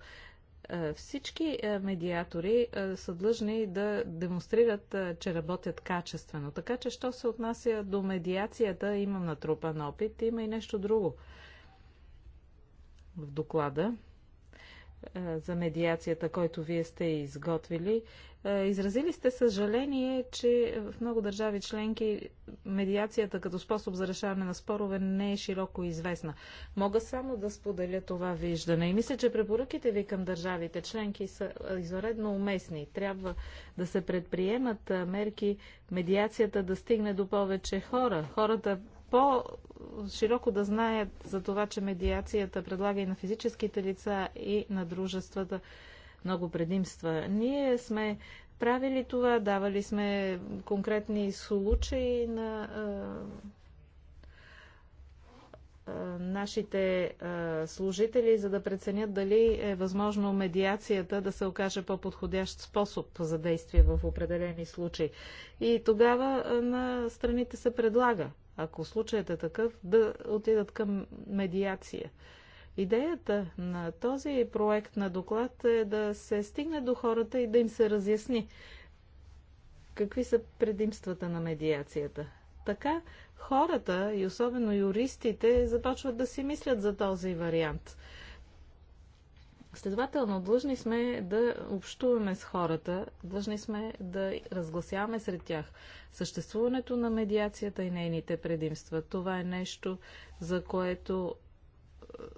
Всички медиатори са длъжни да демонстрират, че работят качествено. Така че, що се отнася до медиацията, имам натрупан опит. Има и нещо друго в доклада. Е, за медиацията, който вие сте изготвили. Е, изразили сте съжаление, че в много държави членки медиацията като способ за решаване на спорове не е широко известна. Мога само да споделя това виждане и мисля, че препоръките ви към държавите членки са е, изоредно уместни. Трябва да се предприемат мерки медиацията да стигне до повече хора. Хората по-широко да знаят за това, че медиацията предлага и на физическите лица, и на дружествата много предимства. Ние сме правили това, давали сме конкретни случаи на нашите служители, за да преценят дали е възможно медиацията да се окаже по-подходящ способ за действие в определени случаи. И тогава на страните се предлага ако случаят е такъв, да отидат към медиация. Идеята на този проект на доклад е да се стигне до хората и да им се разясни какви са предимствата на медиацията. Така хората и особено юристите започват да си мислят за този вариант – Следователно, длъжни сме да общуваме с хората, длъжни сме да разгласяваме сред тях съществуването на медиацията и нейните предимства. Това е нещо, за което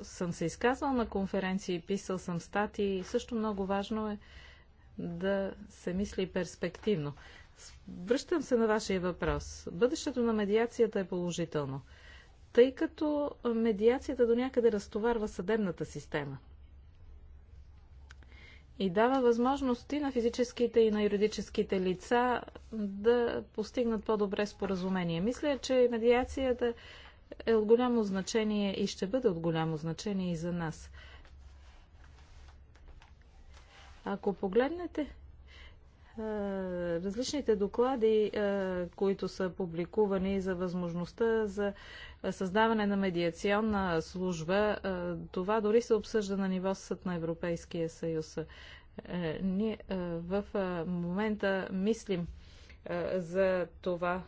е, съм се изказвал на конференции, писал съм статии. Също много важно е да се мисли перспективно. Връщам се на вашия въпрос. Бъдещето на медиацията е положително, тъй като медиацията до някъде разтоварва съдебната система – и дава възможности на физическите и на юридическите лица да постигнат по-добре споразумение. Мисля, че медиацията е от голямо значение и ще бъде от голямо значение и за нас. Ако погледнете е, различните доклади, е, които са публикувани за възможността за създаване на медиационна служба, е, това дори се обсъжда на ниво съд на Европейския съюз. Ние в момента мислим за това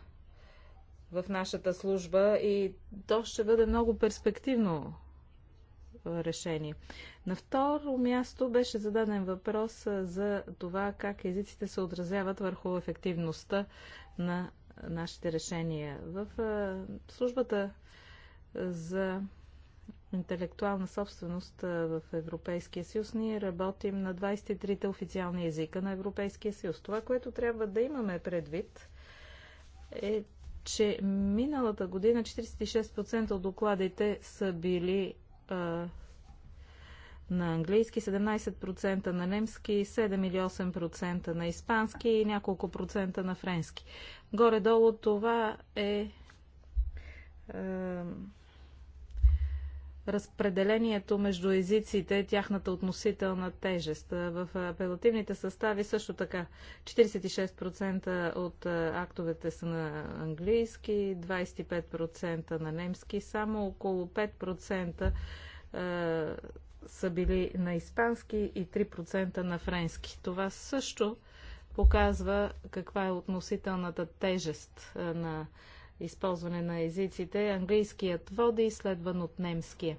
в нашата служба и то ще бъде много перспективно решение. На второ място беше зададен въпрос за това как езиците се отразяват върху ефективността на нашите решения. В службата за интелектуална собственост в Европейския съюз, ние работим на 23-те официални езика на Европейския съюз. Това, което трябва да имаме предвид е, че миналата година 46% от докладите са били на английски, 17% на немски, 7 или 8% на испански и няколко процента на френски. Горе-долу това е, е разпределението между езиците, тяхната относителна тежест. В апелативните състави също така 46% от актовете са на английски, 25% на немски, само около 5% са били на испански и 3% на френски. Това също показва каква е относителната тежест на използване на езиците, английският води, следван от немския.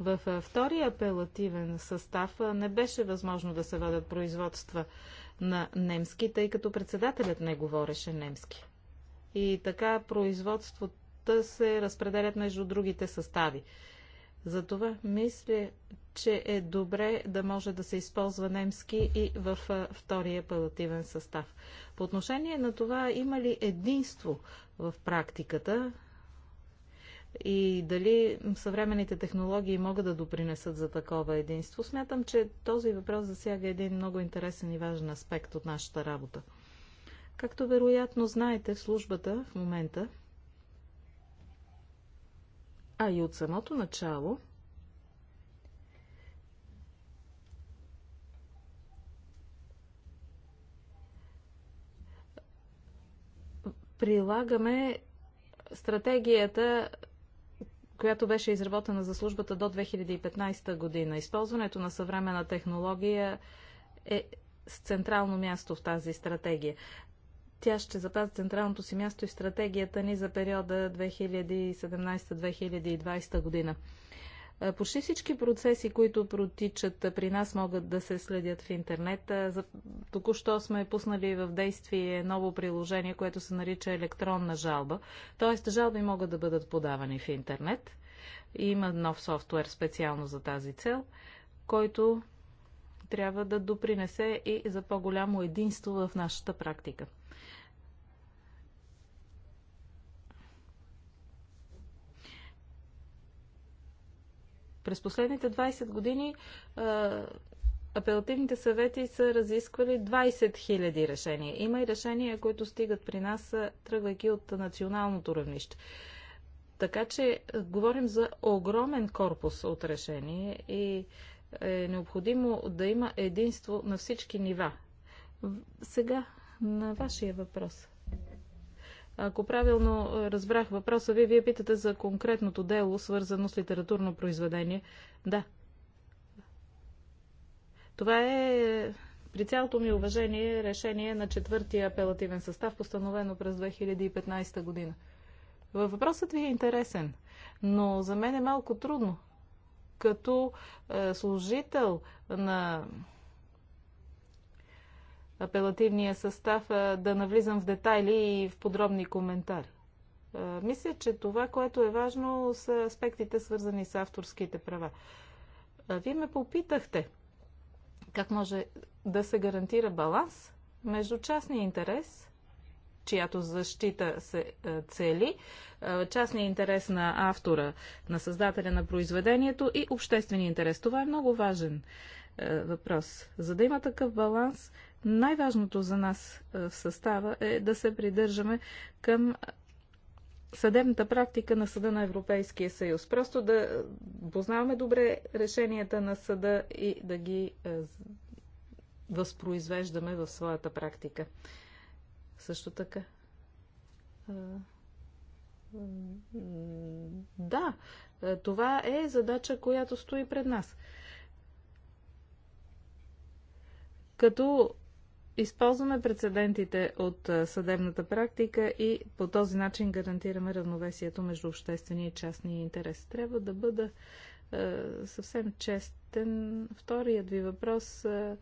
В втория апелативен състав не беше възможно да се водят производства на немски, тъй като председателят не говореше немски. И така производствата се разпределят между другите състави. Затова мисля, че е добре да може да се използва немски и в втория палативен състав. По отношение на това, има ли единство в практиката и дали съвременните технологии могат да допринесат за такова единство, смятам, че този въпрос засяга един много интересен и важен аспект от нашата работа. Както вероятно знаете, в службата в момента а и от самото начало прилагаме стратегията, която беше изработена за службата до 2015 година. Използването на съвременна технология е с централно място в тази стратегия. Тя ще запази централното си място и стратегията ни за периода 2017-2020 година. Е, почти всички процеси, които протичат при нас, могат да се следят в интернет. Е, току-що сме пуснали в действие ново приложение, което се нарича електронна жалба. Тоест, жалби могат да бъдат подавани в интернет. Има нов софтуер специално за тази цел, който трябва да допринесе и за по-голямо единство в нашата практика. През последните 20 години а, апелативните съвети са разисквали 20 000 решения. Има и решения, които стигат при нас, тръгвайки от националното равнище. Така че говорим за огромен корпус от решение и е необходимо да има единство на всички нива. Сега на вашия въпрос. Ако правилно разбрах въпроса ви, вие питате за конкретното дело, свързано с литературно произведение. Да. Това е при цялото ми уважение решение на четвъртия апелативен състав, постановено през 2015 година. Въпросът ви е интересен, но за мен е малко трудно. Като е, служител на апелативния състав, да навлизам в детайли и в подробни коментари. Мисля, че това, което е важно, са аспектите свързани с авторските права. Вие ме попитахте как може да се гарантира баланс между частния интерес, чиято защита се цели, частния интерес на автора, на създателя на произведението и обществения интерес. Това е много важен въпрос. За да има такъв баланс, най-важното за нас е, в състава е да се придържаме към съдебната практика на Съда на Европейския съюз. Просто да познаваме добре решенията на Съда и да ги е, възпроизвеждаме в своята практика. Също така. Е, да, това е задача, която стои пред нас. Като Използваме прецедентите от съдебната практика и по този начин гарантираме равновесието между обществения и частния интерес. Трябва да бъда е, съвсем честен. Вторият ви въпрос е,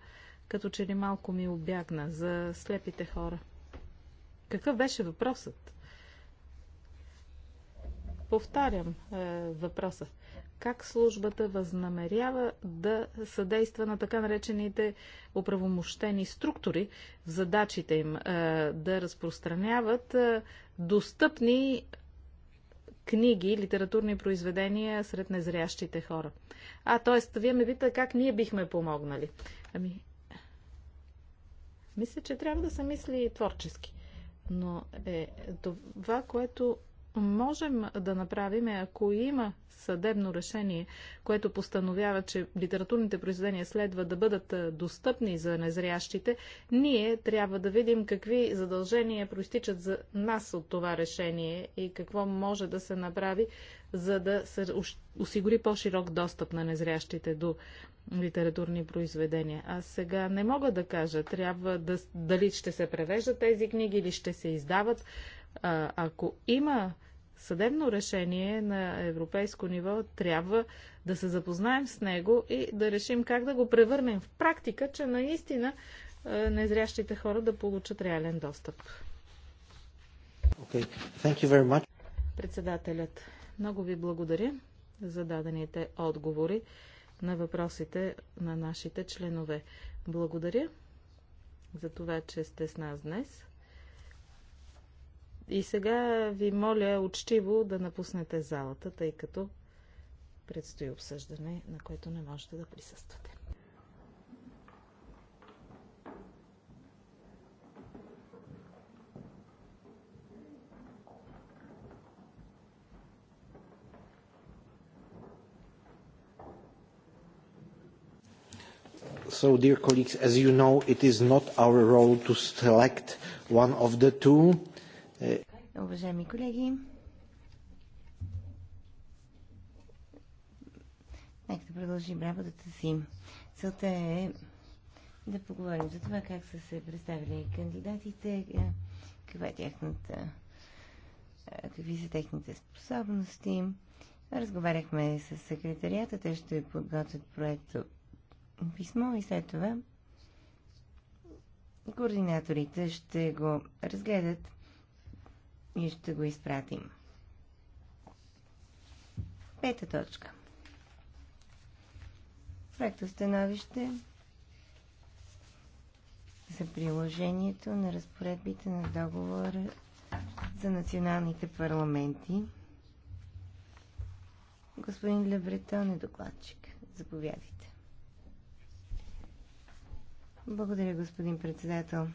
като че ли малко ми обягна за слепите хора. Какъв беше въпросът? Повтарям е, въпроса как службата възнамерява да съдейства на така наречените оправомощени структури в задачите им да разпространяват достъпни книги, литературни произведения сред незрящите хора. А, т.е. вие ме питате как ние бихме помогнали. Ами, мисля, че трябва да се мисли творчески. Но е това, което можем да направим е, ако има съдебно решение, което постановява, че литературните произведения следва да бъдат достъпни за незрящите, ние трябва да видим какви задължения проистичат за нас от това решение и какво може да се направи, за да се осигури по-широк достъп на незрящите до литературни произведения. А сега не мога да кажа, трябва да, дали ще се превеждат тези книги или ще се издават. А, ако има съдебно решение на европейско ниво, трябва да се запознаем с него и да решим как да го превърнем в практика, че наистина незрящите хора да получат реален достъп. Okay. Thank you very much. Председателят, много ви благодаря за дадените отговори на въпросите на нашите членове. Благодаря за това, че сте с нас днес. И сега ви моля учтиво да напуснете залата, тъй като предстои обсъждане, на което не можете да присъствате. So, dear colleagues, as you know, it is not our role to select one of the two е. Уважаеми колеги, нека да продължим работата си. Целта е да поговорим за това как са се представили кандидатите, е, каква е тяхната, е, какви са техните способности. Разговаряхме с секретарията, те ще подготвят проекта писмо и след това координаторите ще го разгледат и ще го изпратим. Пета точка. Проекто становище за приложението на разпоредбите на договора за националните парламенти. Господин Лебретон е докладчик. Заповядайте. Благодаря, господин председател.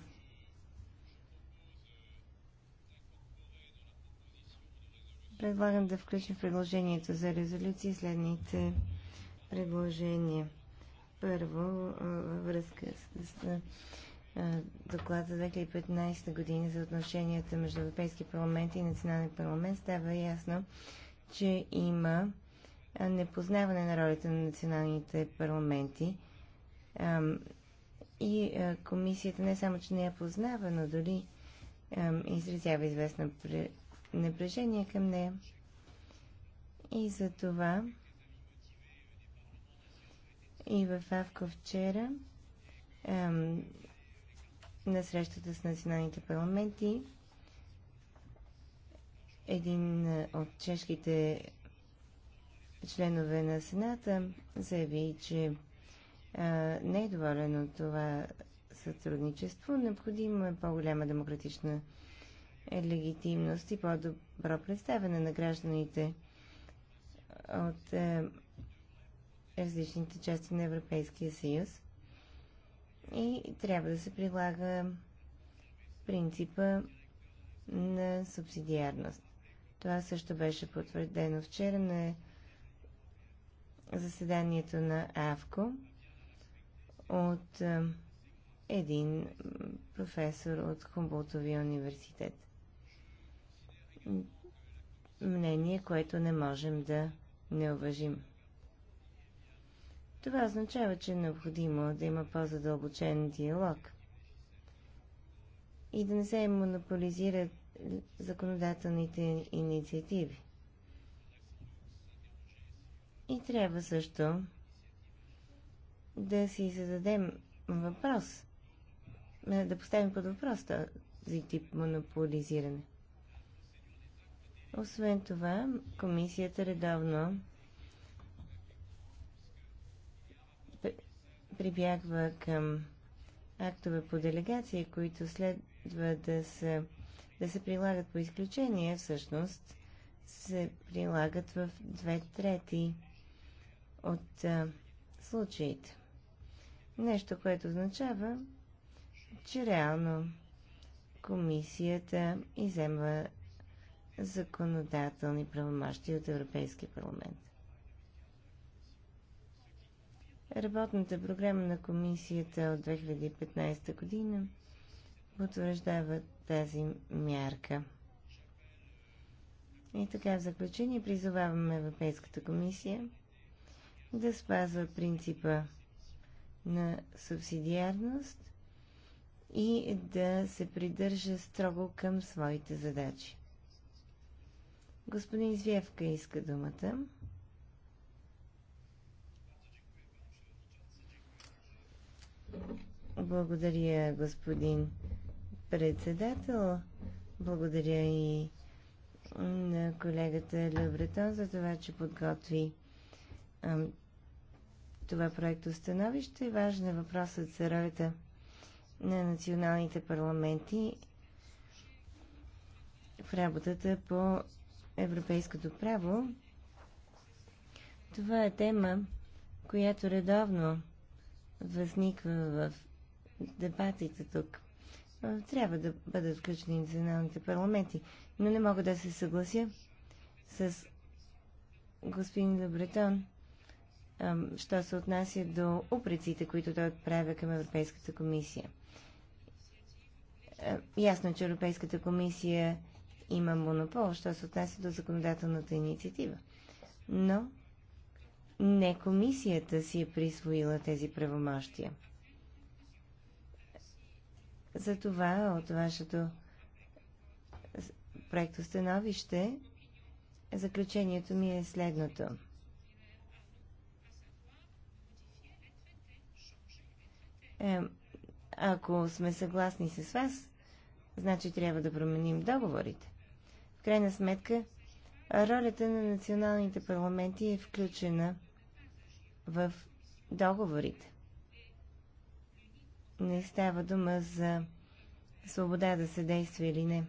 Предлагам да включим в предложението за резолюции следните предложения. Първо, във връзка с доклад за 2015 година за отношенията между Европейски парламент и Национален парламент става ясно, че има непознаване на ролята на националните парламенти. И комисията не само, че не я познава, но дори изразява известна напрежение към нея. И за това и в Авко вчера ем, на срещата с националните парламенти един от чешките членове на Сената заяви, че не е доволен от това сътрудничество. Необходима е по-голяма демократична е легитимност и по-добро представяне на гражданите от е, различните части на Европейския съюз. И трябва да се прилага принципа на субсидиарност. Това също беше потвърдено вчера на заседанието на АВКО от е, един професор от Хумболтовия университет мнение, което не можем да не уважим. Това означава, че е необходимо да има по-задълбочен диалог и да не се монополизират законодателните инициативи. И трябва също да си зададем въпрос, да поставим под въпрос този тип монополизиране. Освен това, комисията редовно прибягва към актове по делегация, които следва да се, да се прилагат по изключение, всъщност се прилагат в две трети от а, случаите. Нещо, което означава, че реално комисията иземва законодателни правомощия от Европейския парламент. Работната програма на комисията от 2015 година потвърждава тази мярка. И така в заключение призоваваме Европейската комисия да спазва принципа на субсидиарност и да се придържа строго към своите задачи. Господин Звявка иска думата. Благодаря, господин председател. Благодаря и на колегата Левретон за това, че подготви това проекто становище. Важен е въпросът за ролята на националните парламенти в работата по европейското право. Това е тема, която редовно възниква в дебатите тук. Трябва да бъдат включени националните парламенти, но не мога да се съглася с господин Добретон, що се отнася до упреците, които той отправя към Европейската комисия. Ясно, е, че Европейската комисия има монопол, що се отнася до законодателната инициатива. Но не комисията си е присвоила тези правомощия. Затова от вашето проекто становище заключението ми е следното. Е, ако сме съгласни с вас, значи трябва да променим договорите крайна сметка ролята на националните парламенти е включена в договорите. Не става дума за свобода да се действа или не.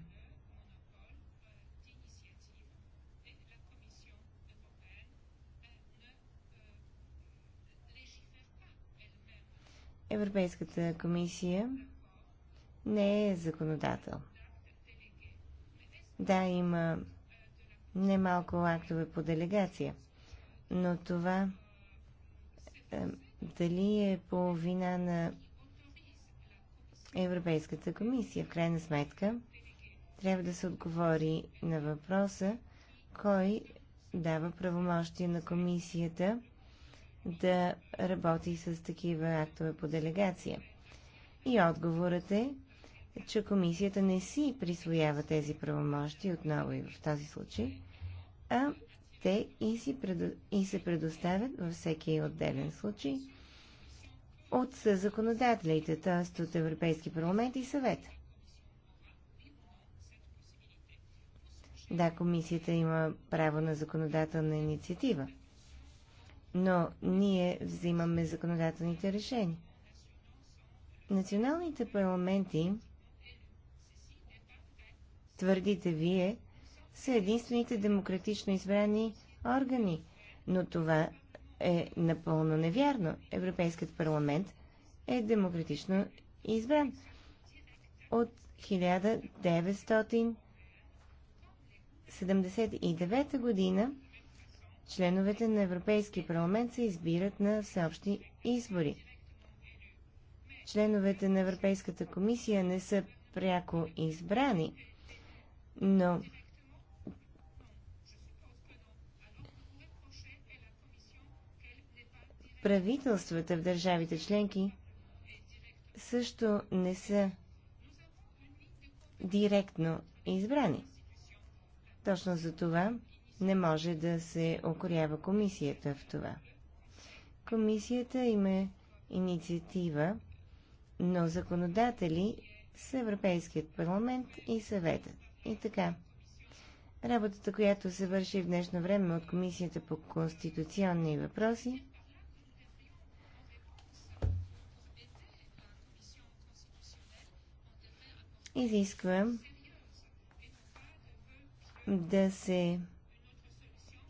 Европейската комисия не е законодател. Да, има немалко актове по делегация, но това е, дали е по вина на Европейската комисия. В крайна сметка трябва да се отговори на въпроса, кой дава правомощие на комисията да работи с такива актове по делегация. И отговорът е, е, че комисията не си присвоява тези правомощи отново и в този случай, а те и, си предо... и се предоставят във всеки отделен случай от законодателите, т.е. от Европейски парламент и съвет. Да, комисията има право на законодателна инициатива, но ние взимаме законодателните решения. Националните парламенти твърдите вие, са единствените демократично избрани органи. Но това е напълно невярно. Европейският парламент е демократично избран от 1979 година членовете на Европейския парламент се избират на всеобщи избори. Членовете на Европейската комисия не са пряко избрани, но правителствата в държавите членки също не са директно избрани. Точно за това не може да се окорява комисията в това. Комисията има инициатива, но законодатели са Европейският парламент и съветът. И така, работата, която се върши в днешно време от Комисията по конституционни въпроси, изисква да се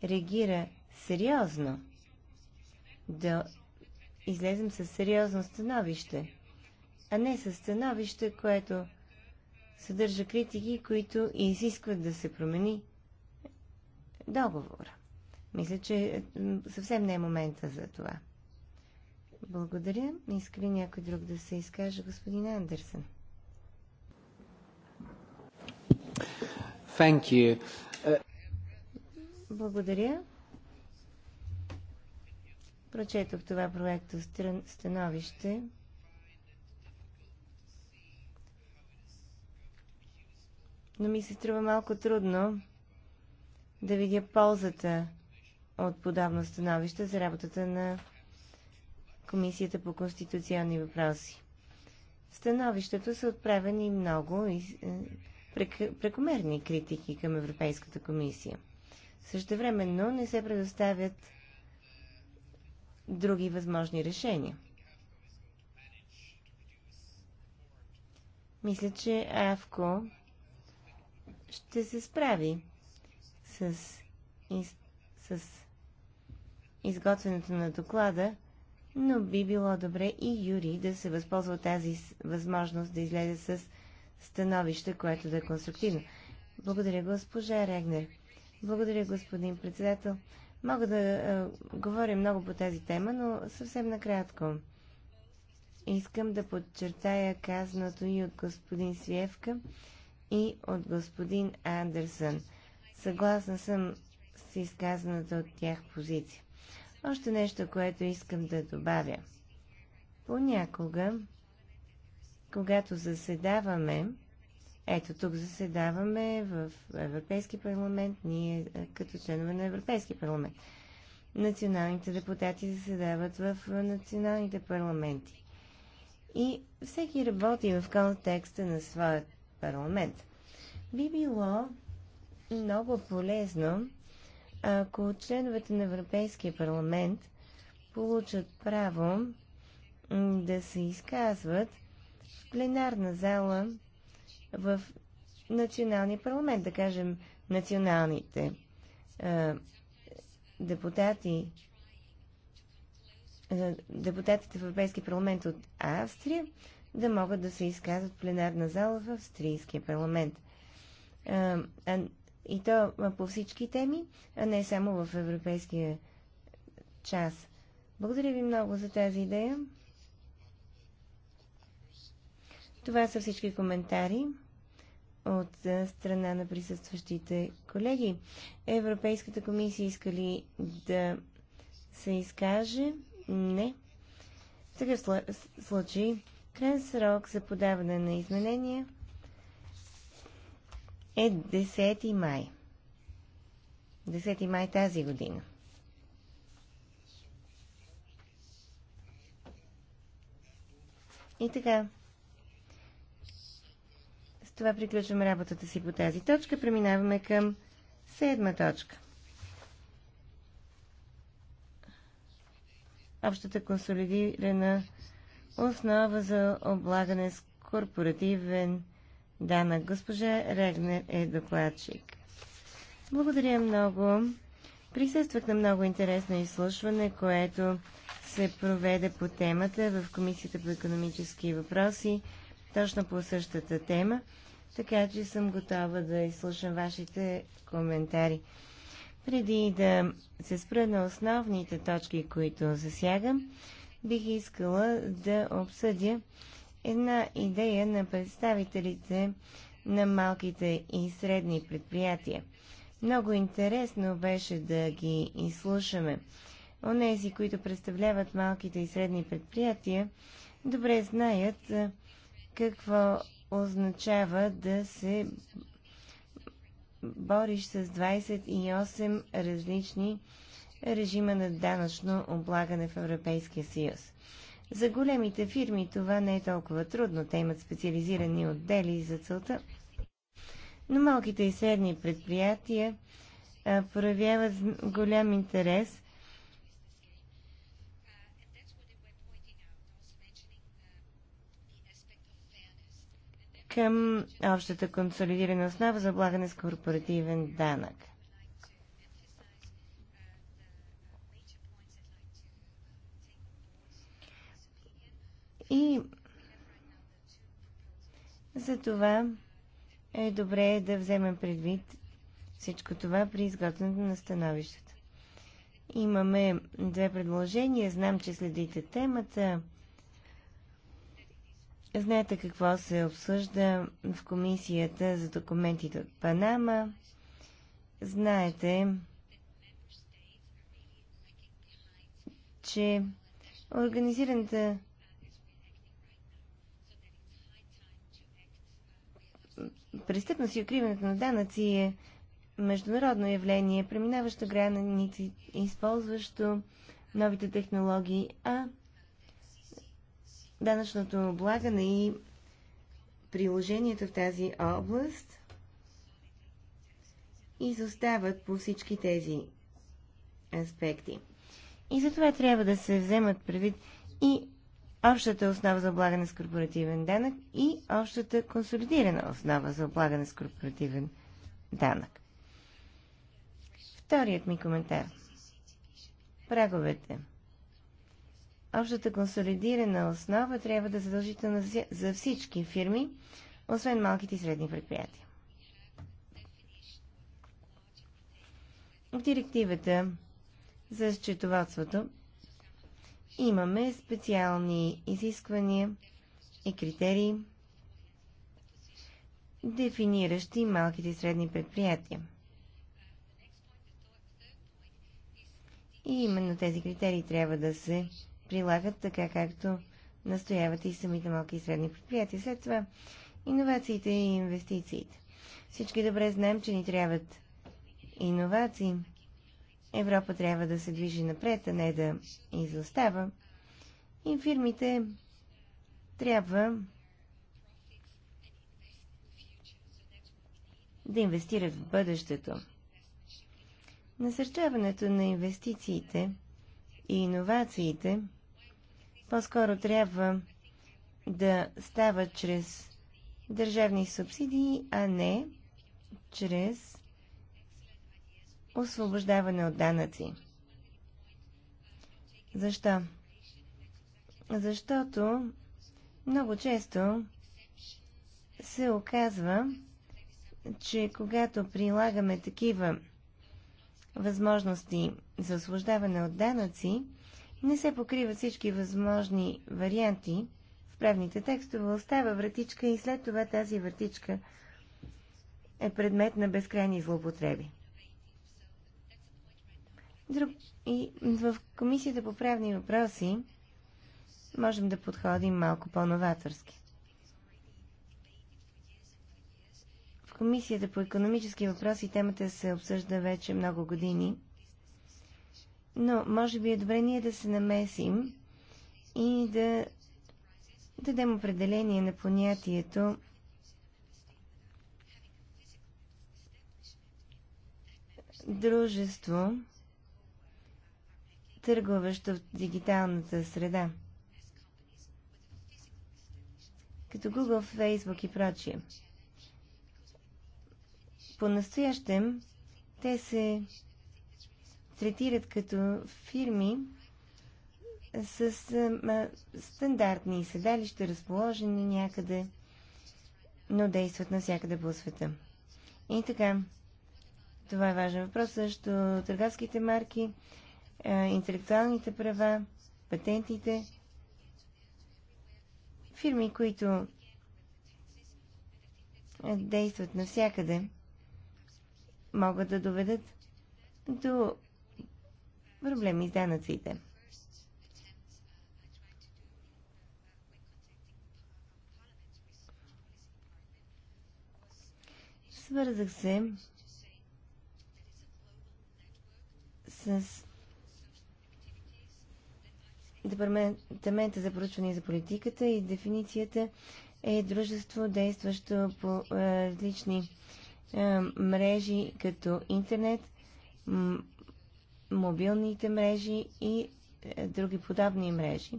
реагира сериозно, да излезем с сериозно становище, а не с становище, което съдържа критики, които изискват да се промени договора. Мисля, че съвсем не е момента за това. Благодаря. Искри някой друг да се изкаже, господин Андерсен. Thank you. Благодаря. Прочетох това проекто становище. но ми се струва малко трудно да видя ползата от подобно становище за работата на Комисията по конституционни въпроси. Становището са отправени много и е, прекомерни критики към Европейската комисия. Същевременно не се предоставят други възможни решения. Мисля, че АВКО ще се справи с, из, с изготвянето на доклада, но би било добре и Юри да се възползва тази възможност да излезе с становище, което да е конструктивно. Благодаря, госпожа Регнер. Благодаря, господин председател. Мога да е, говоря много по тази тема, но съвсем накратко. Искам да подчертая казаното и от господин Свиевка и от господин Андерсън. Съгласна съм с изказаната от тях позиция. Още нещо, което искам да добавя. Понякога, когато заседаваме, ето тук заседаваме в Европейски парламент, ние е, като членове на Европейски парламент. Националните депутати заседават в националните парламенти. И всеки работи в контекста на своят парламент. Би било много полезно, ако членовете на Европейския парламент получат право да се изказват в пленарна зала в националния парламент, да кажем националните депутати депутатите в Европейски парламент от Австрия да могат да се изказват в пленарна зала в австрийския парламент. А, и то по всички теми, а не само в европейския час. Благодаря ви много за тази идея. Това са всички коментари от страна на присъстващите колеги. Европейската комисия иска ли да се изкаже? Не. В такъв случай Крайен срок за подаване на изменения е 10 май. 10 май тази година. И така. С това приключваме работата си по тази точка. Преминаваме към седма точка. Общата консолидирана основа за облагане с корпоративен данък. Госпожа Регнер е докладчик. Благодаря много. Присъствах на много интересно изслушване, което се проведе по темата в Комисията по економически въпроси, точно по същата тема, така че съм готова да изслушам вашите коментари. Преди да се спра на основните точки, които засягам, бих искала да обсъдя една идея на представителите на малките и средни предприятия. Много интересно беше да ги изслушаме. Онези, които представляват малките и средни предприятия, добре знаят какво означава да се бориш с 28 различни режима на данъчно облагане в Европейския съюз. За големите фирми това не е толкова трудно. Те имат специализирани отдели за целта. Но малките и средни предприятия проявяват голям интерес към общата консолидирана основа за облагане с корпоративен данък. И за това е добре да вземем предвид всичко това при изготвянето на становищата. Имаме две предложения. Знам, че следите темата. Знаете какво се обсъжда в комисията за документите от Панама. Знаете, че организираната престъпност и укриването на данъци е международно явление, преминаващо граници, използващо новите технологии, а данъчното облагане и приложението в тази област изостават по всички тези аспекти. И затова трябва да се вземат предвид и общата основа за облагане с корпоративен данък и общата консолидирана основа за облагане с корпоративен данък. Вторият ми коментар. Праговете. Общата консолидирана основа трябва да е задължителна за всички фирми, освен малките и средни предприятия. В директивата за счетоводството имаме специални изисквания и критерии, дефиниращи малките и средни предприятия. И именно тези критерии трябва да се прилагат така, както настояват и самите малки и средни предприятия. След това иновациите и инвестициите. Всички добре знаем, че ни трябват иновации – Европа трябва да се движи напред, а не да изостава. И фирмите трябва да инвестират в бъдещето. Насърчаването на инвестициите и иновациите по-скоро трябва да става чрез държавни субсидии, а не чрез освобождаване от данъци. Защо? Защото много често се оказва, че когато прилагаме такива възможности за освобождаване от данъци, не се покриват всички възможни варианти в правните текстове, остава вратичка и след това тази вратичка е предмет на безкрайни злоупотреби. Друг... И в Комисията по правни въпроси можем да подходим малко по-новаторски. В Комисията по економически въпроси темата се обсъжда вече много години, но може би е добре ние да се намесим и да дадем определение на понятието дружество, търгуващо в дигиталната среда. Като Google, Facebook и прочие. По-настоящем те се третират като фирми с стандартни седалища, разположени някъде, но действат навсякъде по света. И така, това е важен въпрос. защото търговските марки е, интелектуалните права, патентите, фирми, които е, действат навсякъде, могат да доведат до проблеми с данъците. Свързах се с Департамента за проучване за политиката и дефиницията е дружество, действащо по е, различни е, мрежи, като интернет, мобилните мрежи и е, други подобни мрежи.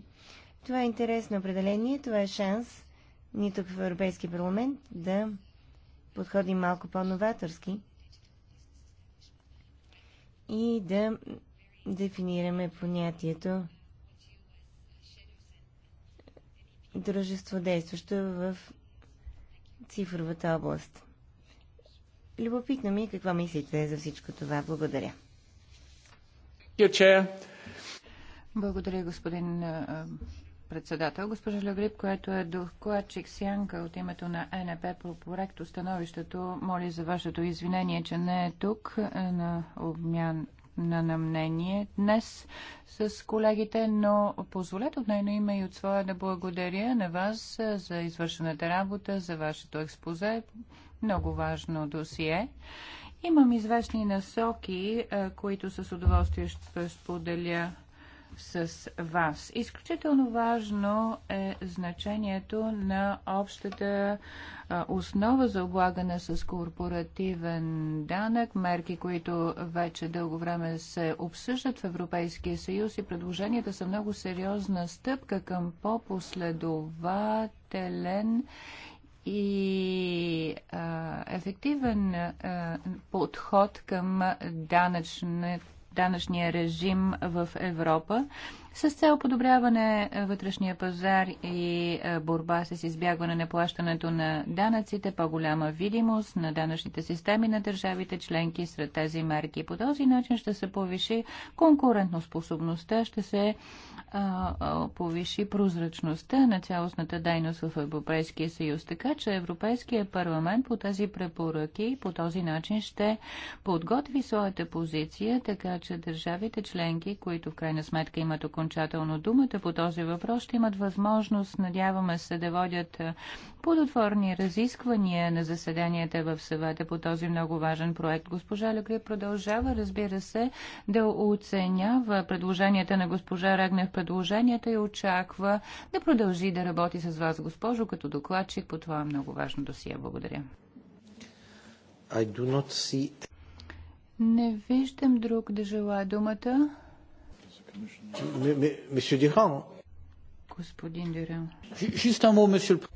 Това е интересно определение, това е шанс ние тук в Европейския парламент да подходим малко по-новаторски и да дефинираме понятието дружество, действащо в цифровата област. Любопитно ми е какво мислите за всичко това. Благодаря. Благодаря, господин председател. Госпожа Легрип, което е докладчик Сянка от името на НП по проекто становището, моли за вашето извинение, че не е тук на обмян на, на мнение днес с колегите, но позволете от нейно име и от своя да благодаря на вас за извършената работа, за вашето експозе. Много важно досие. Имам известни насоки, които с удоволствие ще споделя с вас. Изключително важно е значението на общата основа за облагане с корпоративен данък, мерки, които вече дълго време се обсъждат в Европейския съюз и предложенията са много сериозна стъпка към по-последователен и а, ефективен а, подход към данъчната данъчния режим в Европа с цел подобряване е, вътрешния пазар и е, борба с избягване на плащането на данъците, по-голяма видимост на данъчните системи на държавите членки сред тези мерки. По този начин ще се повиши конкурентноспособността, ще се а, е, а, повиши прозрачността на цялостната дейност в Европейския съюз. Така че Европейския парламент по тези препоръки по този начин ще подготви своята позиция, така че държавите членки, които в крайна сметка имат около окончателно думата по този въпрос, ще имат възможност, надяваме се, да водят е, плодотворни разисквания на заседанията в съвета по този много важен проект. Госпожа Лекри продължава, разбира се, да оценява предложенията на госпожа в предложенията и очаква да продължи да работи с вас, госпожо, като докладчик по това много важно досие. Благодаря. I do not see... Не виждам друг да желая думата. Господин Диран.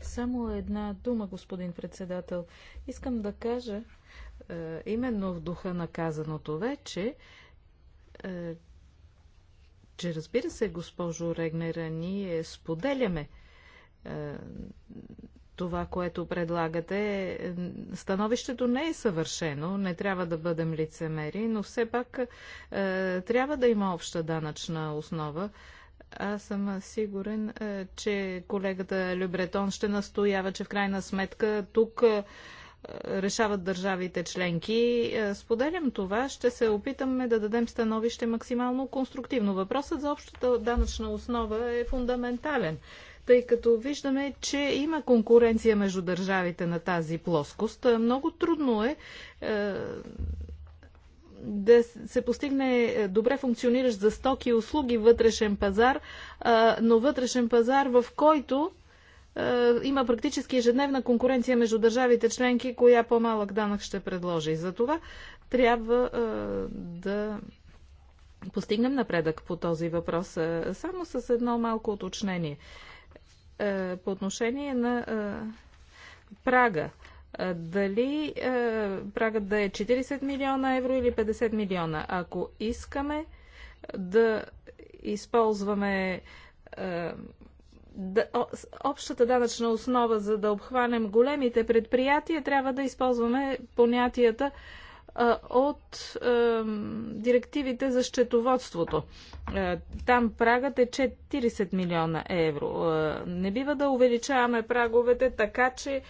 Само една дума, господин председател. Искам да кажа, е, именно в духа на казаното вече, е, че разбира се, госпожо Регнера, ние споделяме е, това, което предлагате. Е, становището не е съвършено, не трябва да бъдем лицемери, но все пак е, трябва да има обща данъчна основа. Аз съм сигурен, е, че колегата Любретон ще настоява, че в крайна сметка тук е, решават държавите членки. Е, споделям това. Ще се опитаме да дадем становище максимално конструктивно. Въпросът за общата данъчна основа е фундаментален тъй като виждаме, че има конкуренция между държавите на тази плоскост. Е, много трудно е, е да се постигне е, добре функциониращ за стоки и услуги вътрешен пазар, е, но вътрешен пазар, в който е, има практически ежедневна конкуренция между държавите членки, коя по-малък данък ще предложи. За това трябва да постигнем напредък по този въпрос. Само с едно малко уточнение. Е, по отношение на е, прага. Е, дали прагът да е 40 милиона евро или 50 милиона? Ако искаме да използваме да, общата данъчна основа, за да обхванем големите предприятия, трябва да използваме понятията от е, директивите за счетоводството. Е, там прагът е 40 милиона евро. Е, не бива да увеличаваме праговете така, че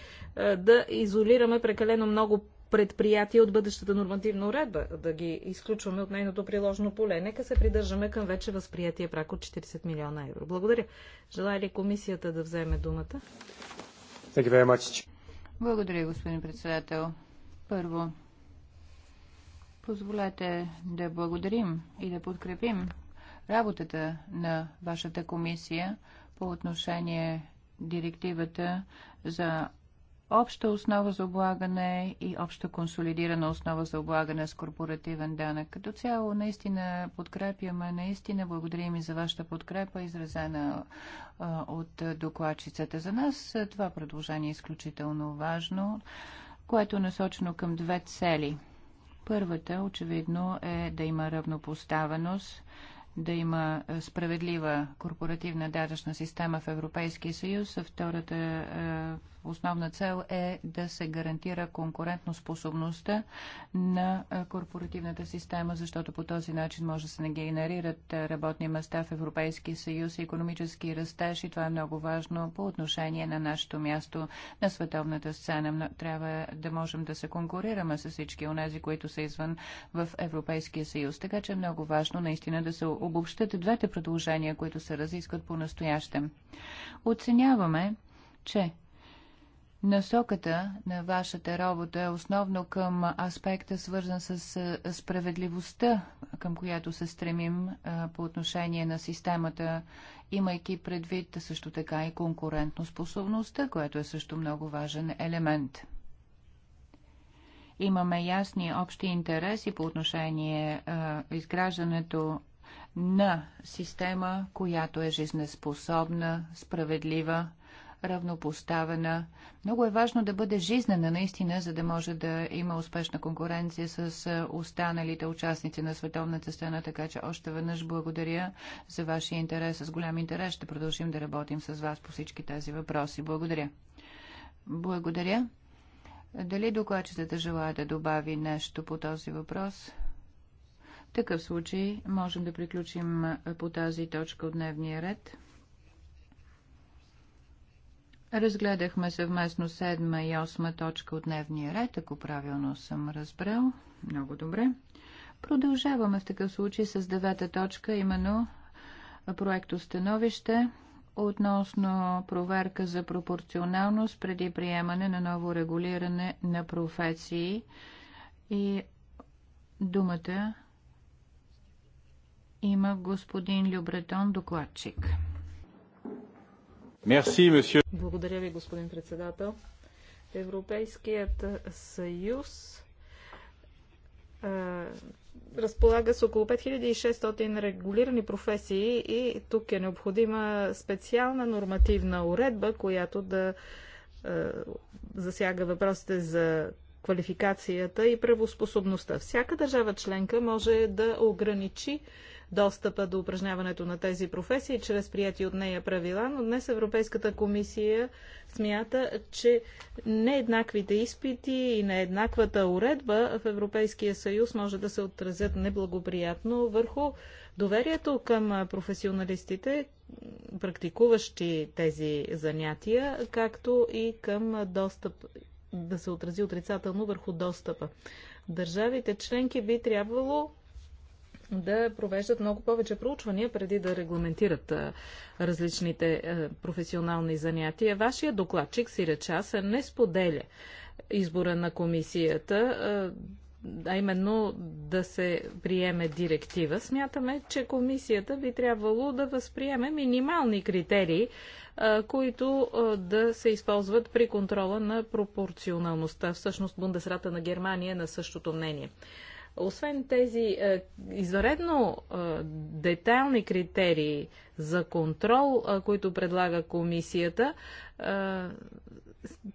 да изолираме прекалено много предприятия от бъдещата нормативна уредба, да ги изключваме от нейното приложно поле. Нека се придържаме към вече възприятия прак от 40 милиона евро. Благодаря. Желая ли комисията да вземе думата? Благодаря, господин председател. Първо, Позволете да благодарим и да подкрепим работата на вашата комисия по отношение директивата за обща основа за облагане и обща консолидирана основа за облагане с корпоративен данък. Като цяло, наистина подкрепяме, наистина благодарим и за вашата подкрепа, изразена а, от докладчицата. За нас това предложение е изключително важно, което е насочено към две цели – Първата, очевидно, е да има равнопоставеност, да има справедлива корпоративна данъчна система в Европейския съюз, а втората е, основна цел е да се гарантира конкурентно способността на корпоративната система, защото по този начин може да се генерират работни места в Европейския съюз и економически растеж и това е много важно по отношение на нашето място на световната сцена. Трябва да можем да се конкурираме с всички онези, които са извън в Европейския съюз. Така че е много важно наистина да се обобщат двете предложения, които се разискват по настоящем. Оценяваме, че Насоката на вашата работа е основно към аспекта, свързан с справедливостта, към която се стремим по отношение на системата, имайки предвид също така и конкурентноспособността, което е също много важен елемент. Имаме ясни общи интереси по отношение а, изграждането на система, която е жизнеспособна, справедлива, равнопоставена. Много е важно да бъде жизнена наистина, за да може да има успешна конкуренция с останалите участници на световната сцена, така че още веднъж благодаря за вашия интерес. С голям интерес ще продължим да работим с вас по всички тези въпроси. Благодаря. Благодаря. Дали докладчетата желая да добави нещо по този въпрос? В такъв случай можем да приключим по тази точка от дневния ред. Разгледахме съвместно седма и осма точка от дневния ред, ако правилно съм разбрал. Много добре. Продължаваме в такъв случай с девета точка, именно проекто становище относно проверка за пропорционалност преди приемане на ново регулиране на професии и думата има господин Любретон, докладчик. Благодаря ви, господин председател. Европейският съюз разполага с около 5600 регулирани професии и тук е необходима специална нормативна уредба, която да засяга въпросите за квалификацията и правоспособността. Всяка държава членка може да ограничи достъпа до упражняването на тези професии чрез прияти от нея правила, но днес Европейската комисия смята, че нееднаквите изпити и нееднаквата уредба в Европейския съюз може да се отразят неблагоприятно върху доверието към професионалистите, практикуващи тези занятия, както и към достъп да се отрази отрицателно върху достъпа. Държавите членки би трябвало да провеждат много повече проучвания преди да регламентират различните професионални занятия. Вашия докладчик Сиречас не споделя избора на комисията а именно да се приеме директива, смятаме, че комисията би трябвало да възприеме минимални критерии, които да се използват при контрола на пропорционалността. Всъщност Бундесрата на Германия е на същото мнение. Освен тези е, извънредно е, детайлни критерии за контрол, е, които предлага комисията, е,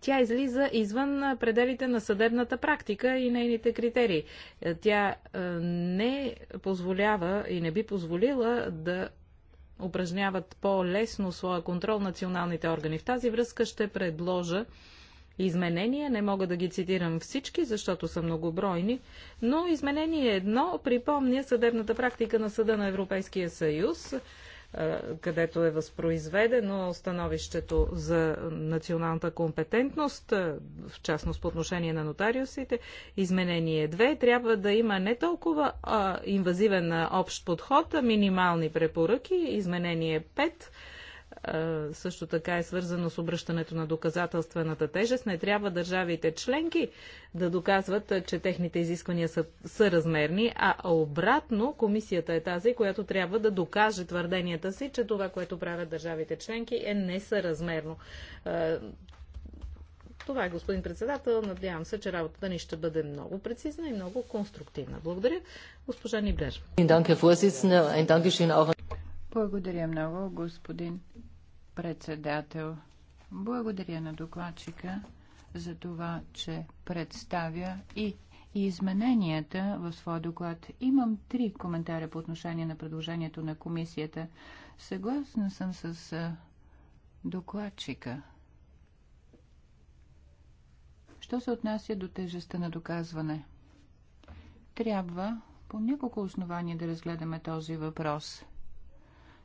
тя излиза извън пределите на съдебната практика и нейните критерии. Е, тя е, не позволява и не би позволила да упражняват по-лесно своя контрол националните органи. В тази връзка ще предложа изменения. Не мога да ги цитирам всички, защото са многобройни, но изменение едно припомня съдебната практика на Съда на Европейския съюз, където е възпроизведено становището за националната компетентност, в частност по отношение на нотариусите. Изменение 2 трябва да има не толкова а, инвазивен общ подход, а минимални препоръки. Изменение 5 е, също така е свързано с обръщането на доказателствената тежест. Не трябва държавите членки да доказват, е, че техните изисквания са, са размерни, а обратно комисията е тази, която трябва да докаже твърденията си, че това, което правят държавите членки е несъразмерно. Е, това е, господин председател. Надявам се, че работата ни ще бъде много прецизна и много конструктивна. Благодаря, госпожа Ниблер. Благодаря много, господин председател. Благодаря на докладчика за това, че представя и и измененията в своя доклад. Имам три коментаря по отношение на предложението на комисията. Съгласна съм с докладчика. Що се отнася до тежестта на доказване? Трябва по няколко основания да разгледаме този въпрос –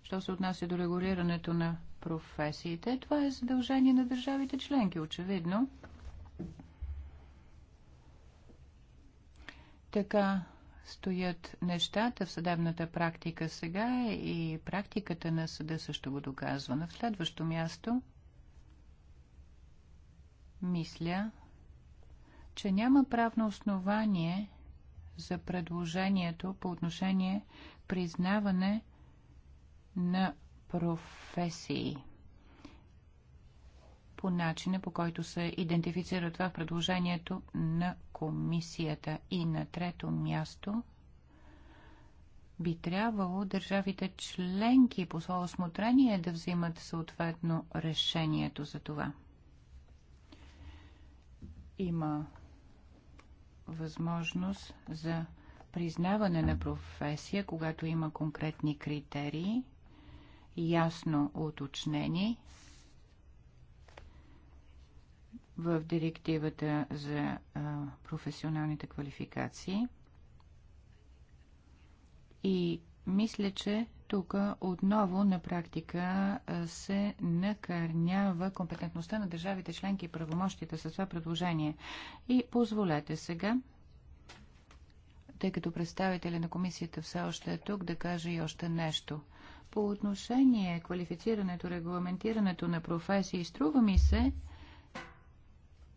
Що се отнася до регулирането на професиите, това е задължение на държавите членки, очевидно. Така стоят нещата в съдебната практика сега и практиката на съда също го доказва. На следващо място мисля, че няма правно основание за предложението по отношение признаване на професии по начина по който се идентифицира това в предложението на комисията. И на трето място би трябвало държавите членки по свое осмотрение да взимат съответно решението за това. Има възможност за признаване на професия, когато има конкретни критерии ясно уточнени в директивата за професионалните квалификации. И мисля, че тук отново на практика се накърнява компетентността на държавите членки и правомощите с това предложение. И позволете сега, тъй като представителя на комисията все още е тук, да каже и още нещо – по отношение квалифицирането, регламентирането на професии, струва ми се,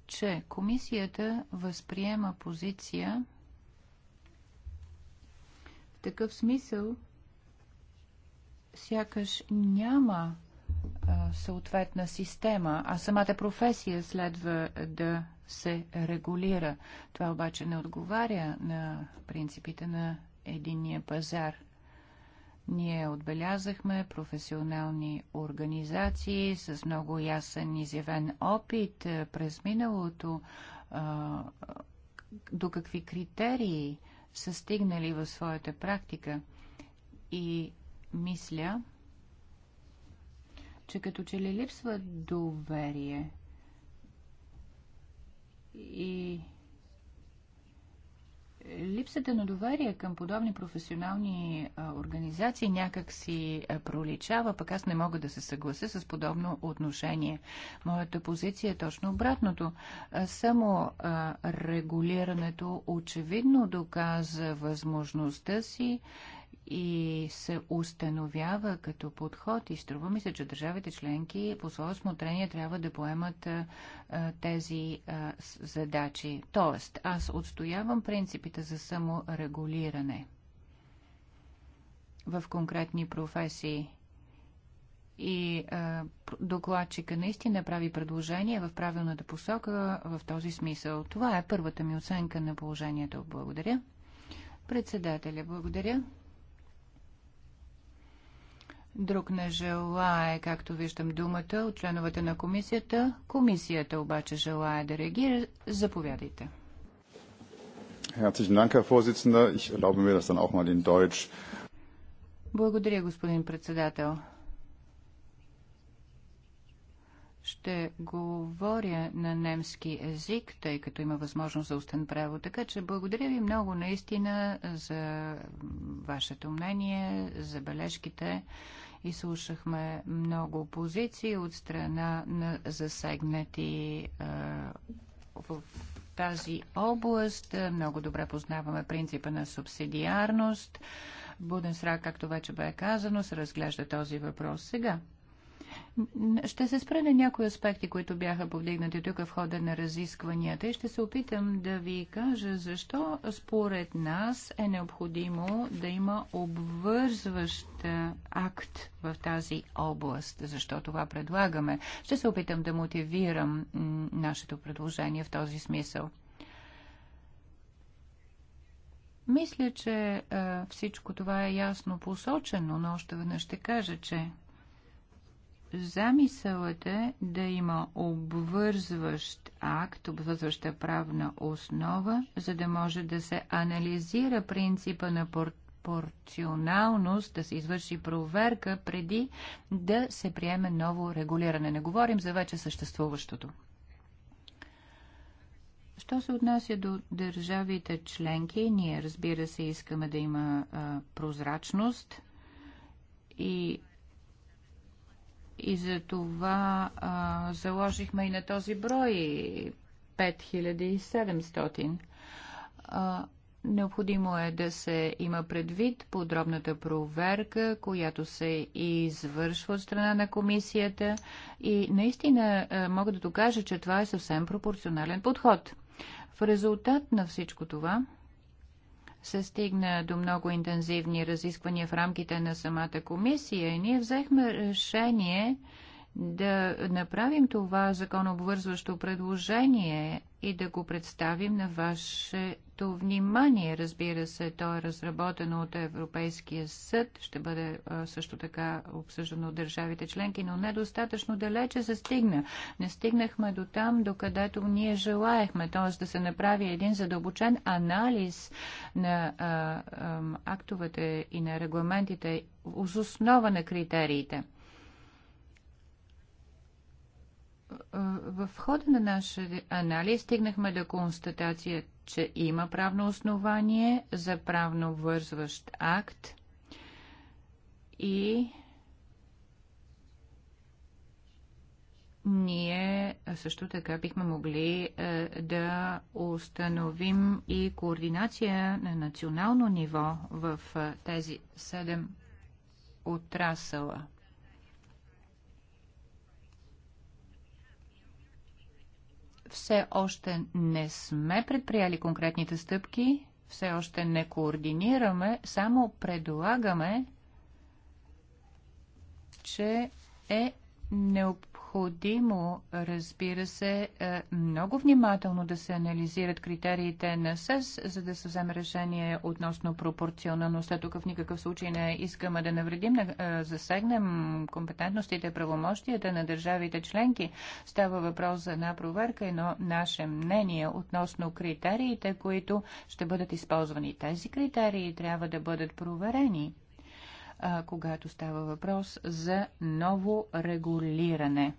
че комисията възприема позиция в такъв смисъл, сякаш няма а, съответна система, а самата професия следва да се регулира. Това обаче не отговаря на принципите на единния пазар. Ние отбелязахме професионални организации с много ясен изявен опит е, през миналото, е, до какви критерии са стигнали в своята практика. И мисля, че като че ли липсва доверие и липсата на доверие към подобни професионални организации някак си проличава, пък аз не мога да се съглася с подобно отношение. Моята позиция е точно обратното. Само регулирането очевидно доказа възможността си и се установява като подход и струва ми се, че държавите членки по свое осмотрение трябва да поемат а, тези а, задачи. Тоест, аз отстоявам принципите за саморегулиране в конкретни професии. И а, докладчика наистина прави предложение в правилната посока в този смисъл. Това е първата ми оценка на положението. Благодаря. Председателя, благодаря. Друг не желае, както виждам думата, от членовете на комисията. Комисията обаче желае да реагира. Заповядайте. Благодаря, господин председател. Ще говоря на немски език, тъй като има възможност за устен право. Така че благодаря ви много наистина за вашето мнение, за бележките. Изслушахме много позиции от страна на засегнати в тази област. Много добре познаваме принципа на субсидиарност. Буденсрак, както вече бе казано, се разглежда този въпрос сега. Ще се спра на някои аспекти, които бяха повдигнати тук в хода на разискванията и ще се опитам да ви кажа защо според нас е необходимо да има обвързващ акт в тази област, защо това предлагаме. Ще се опитам да мотивирам нашето предложение в този смисъл. Мисля, че всичко това е ясно посочено, но още веднъж ще кажа, че замисълът е да има обвързващ акт, обвързваща правна основа, за да може да се анализира принципа на пропорционалност, да се извърши проверка преди да се приеме ново регулиране. Не говорим за вече съществуващото. Що се отнася до държавите членки, ние разбира се искаме да има а, прозрачност и и за това а, заложихме и на този брой 5700. А, необходимо е да се има предвид подробната проверка, която се извършва от страна на комисията и наистина а, мога да докажа, че това е съвсем пропорционален подход. В резултат на всичко това, се стигна до много интензивни разисквания в рамките на самата комисия и ние взехме решение да направим това законообвързващо предложение и да го представим на ваше нашето внимание. Разбира се, то е разработено от Европейския съд, ще бъде също така обсъждано от държавите членки, но недостатъчно далече се стигна. Не стигнахме до там, до където ние желаехме, т.е. да се направи един задълбочен анализ на а, а, актовете и на регламентите, основа на критериите. в хода на нашия анализ стигнахме до констатация, че има правно основание за правно вързващ акт и ние също така бихме могли е, да установим и координация на национално ниво в е, тези седем отрасъла. все още не сме предприяли конкретните стъпки, все още не координираме, само предлагаме, че е необходимо необходимо, разбира се, е, много внимателно да се анализират критериите на СЕС, за да се вземе решение относно пропорционалността. Тук в никакъв случай не искаме да навредим, е, засегнем компетентностите, правомощията на държавите членки. Става въпрос за една проверка, но наше мнение относно критериите, които ще бъдат използвани. Тези критерии трябва да бъдат проверени а, когато става въпрос за ново регулиране.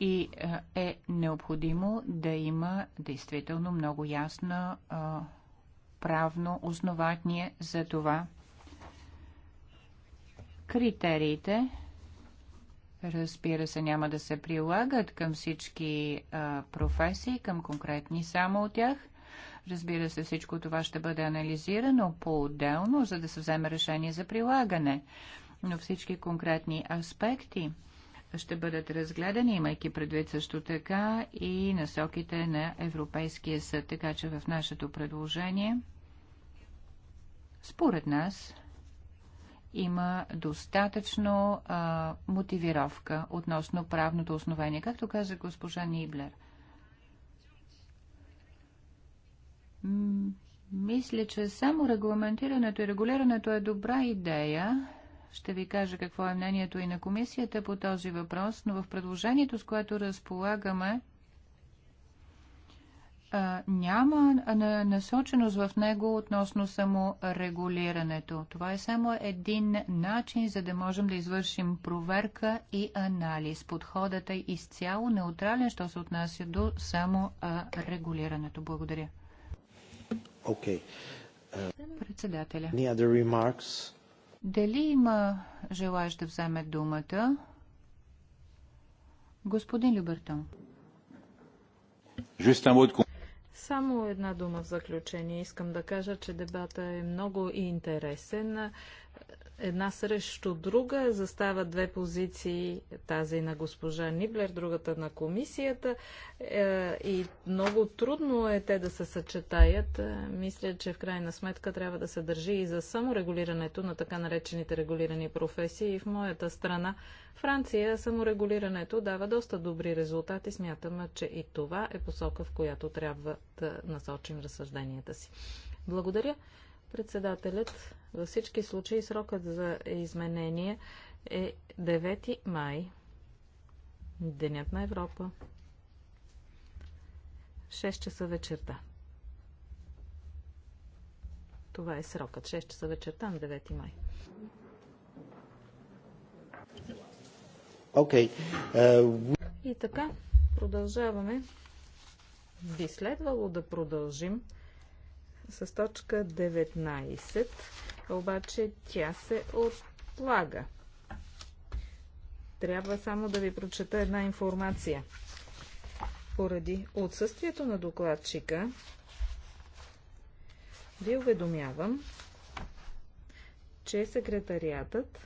И а, е необходимо да има действително много ясна а, правно основание за това. Критериите разбира се, няма да се прилагат към всички а, професии, към конкретни само от тях, Разбира се, всичко това ще бъде анализирано по-отделно, за да се вземе решение за прилагане. Но всички конкретни аспекти ще бъдат разгледани, имайки предвид също така и насоките на Европейския съд. Така че в нашето предложение, според нас, има достатъчно а, мотивировка относно правното основание, както каза госпожа Ниблер – Мисля, че само регламентирането и регулирането е добра идея. Ще ви кажа какво е мнението и на комисията по този въпрос, но в предложението, с което разполагаме, няма насоченост в него относно само регулирането. Това е само един начин, за да можем да извършим проверка и анализ. Подходът е изцяло неутрален, що се отнася до само регулирането. Благодаря. Okay. Председателя. Any other remarks? Дали има желаещ да вземе думата? Господин Любертон. Само една дума в заключение. Искам да кажа, че дебата е много интересен една срещу друга, застават две позиции, тази на госпожа Ниблер, другата на комисията е, и много трудно е те да се съчетаят. Е, мисля, че в крайна сметка трябва да се държи и за саморегулирането на така наречените регулирани професии и в моята страна Франция саморегулирането дава доста добри резултати. Смятам, че и това е посока, в която трябва да насочим разсъжденията си. Благодаря. Председателят във всички случаи срокът за изменение е 9 май, Денят на Европа, 6 часа вечерта. Това е срокът, 6 часа вечерта на 9 май. Okay. Uh... Е, И така, продължаваме. Би следвало да продължим с точка 19, обаче тя се отлага. Трябва само да ви прочета една информация. Поради отсъствието на докладчика, ви уведомявам, че секретариатът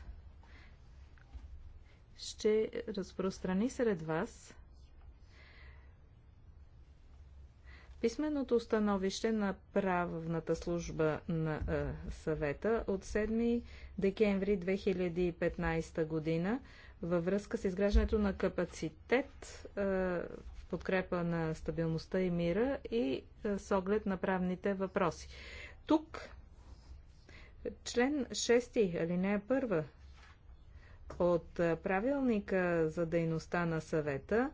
ще разпространи сред вас Писменото становище на правната служба на е, съвета от 7 декември 2015 година във връзка с изграждането на капацитет е, в подкрепа на стабилността и мира и е, с оглед на правните въпроси. Тук член 6, алинея 1 от е, правилника за дейността на съвета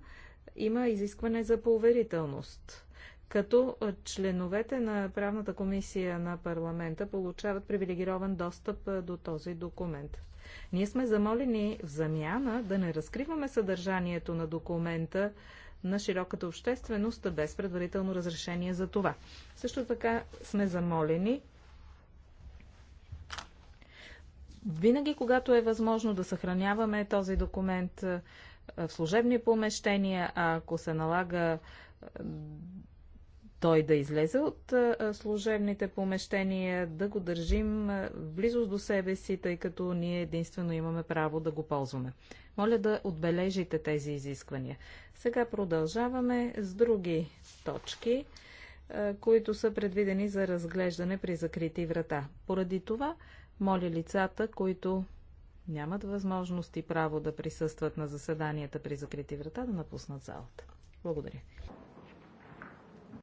има изискване за поверителност като членовете на правната комисия на парламента получават привилегирован достъп до този документ. Ние сме замолени в замяна да не разкриваме съдържанието на документа на широката общественост без предварително разрешение за това. Също така сме замолени винаги, когато е възможно да съхраняваме този документ в служебни помещения, а ако се налага той да излезе от служебните помещения, да го държим близост до себе си, тъй като ние единствено имаме право да го ползваме. Моля да отбележите тези изисквания. Сега продължаваме с други точки, които са предвидени за разглеждане при закрити врата. Поради това, моля лицата, които нямат възможност и право да присъстват на заседанията при закрити врата, да напуснат залата. Благодаря.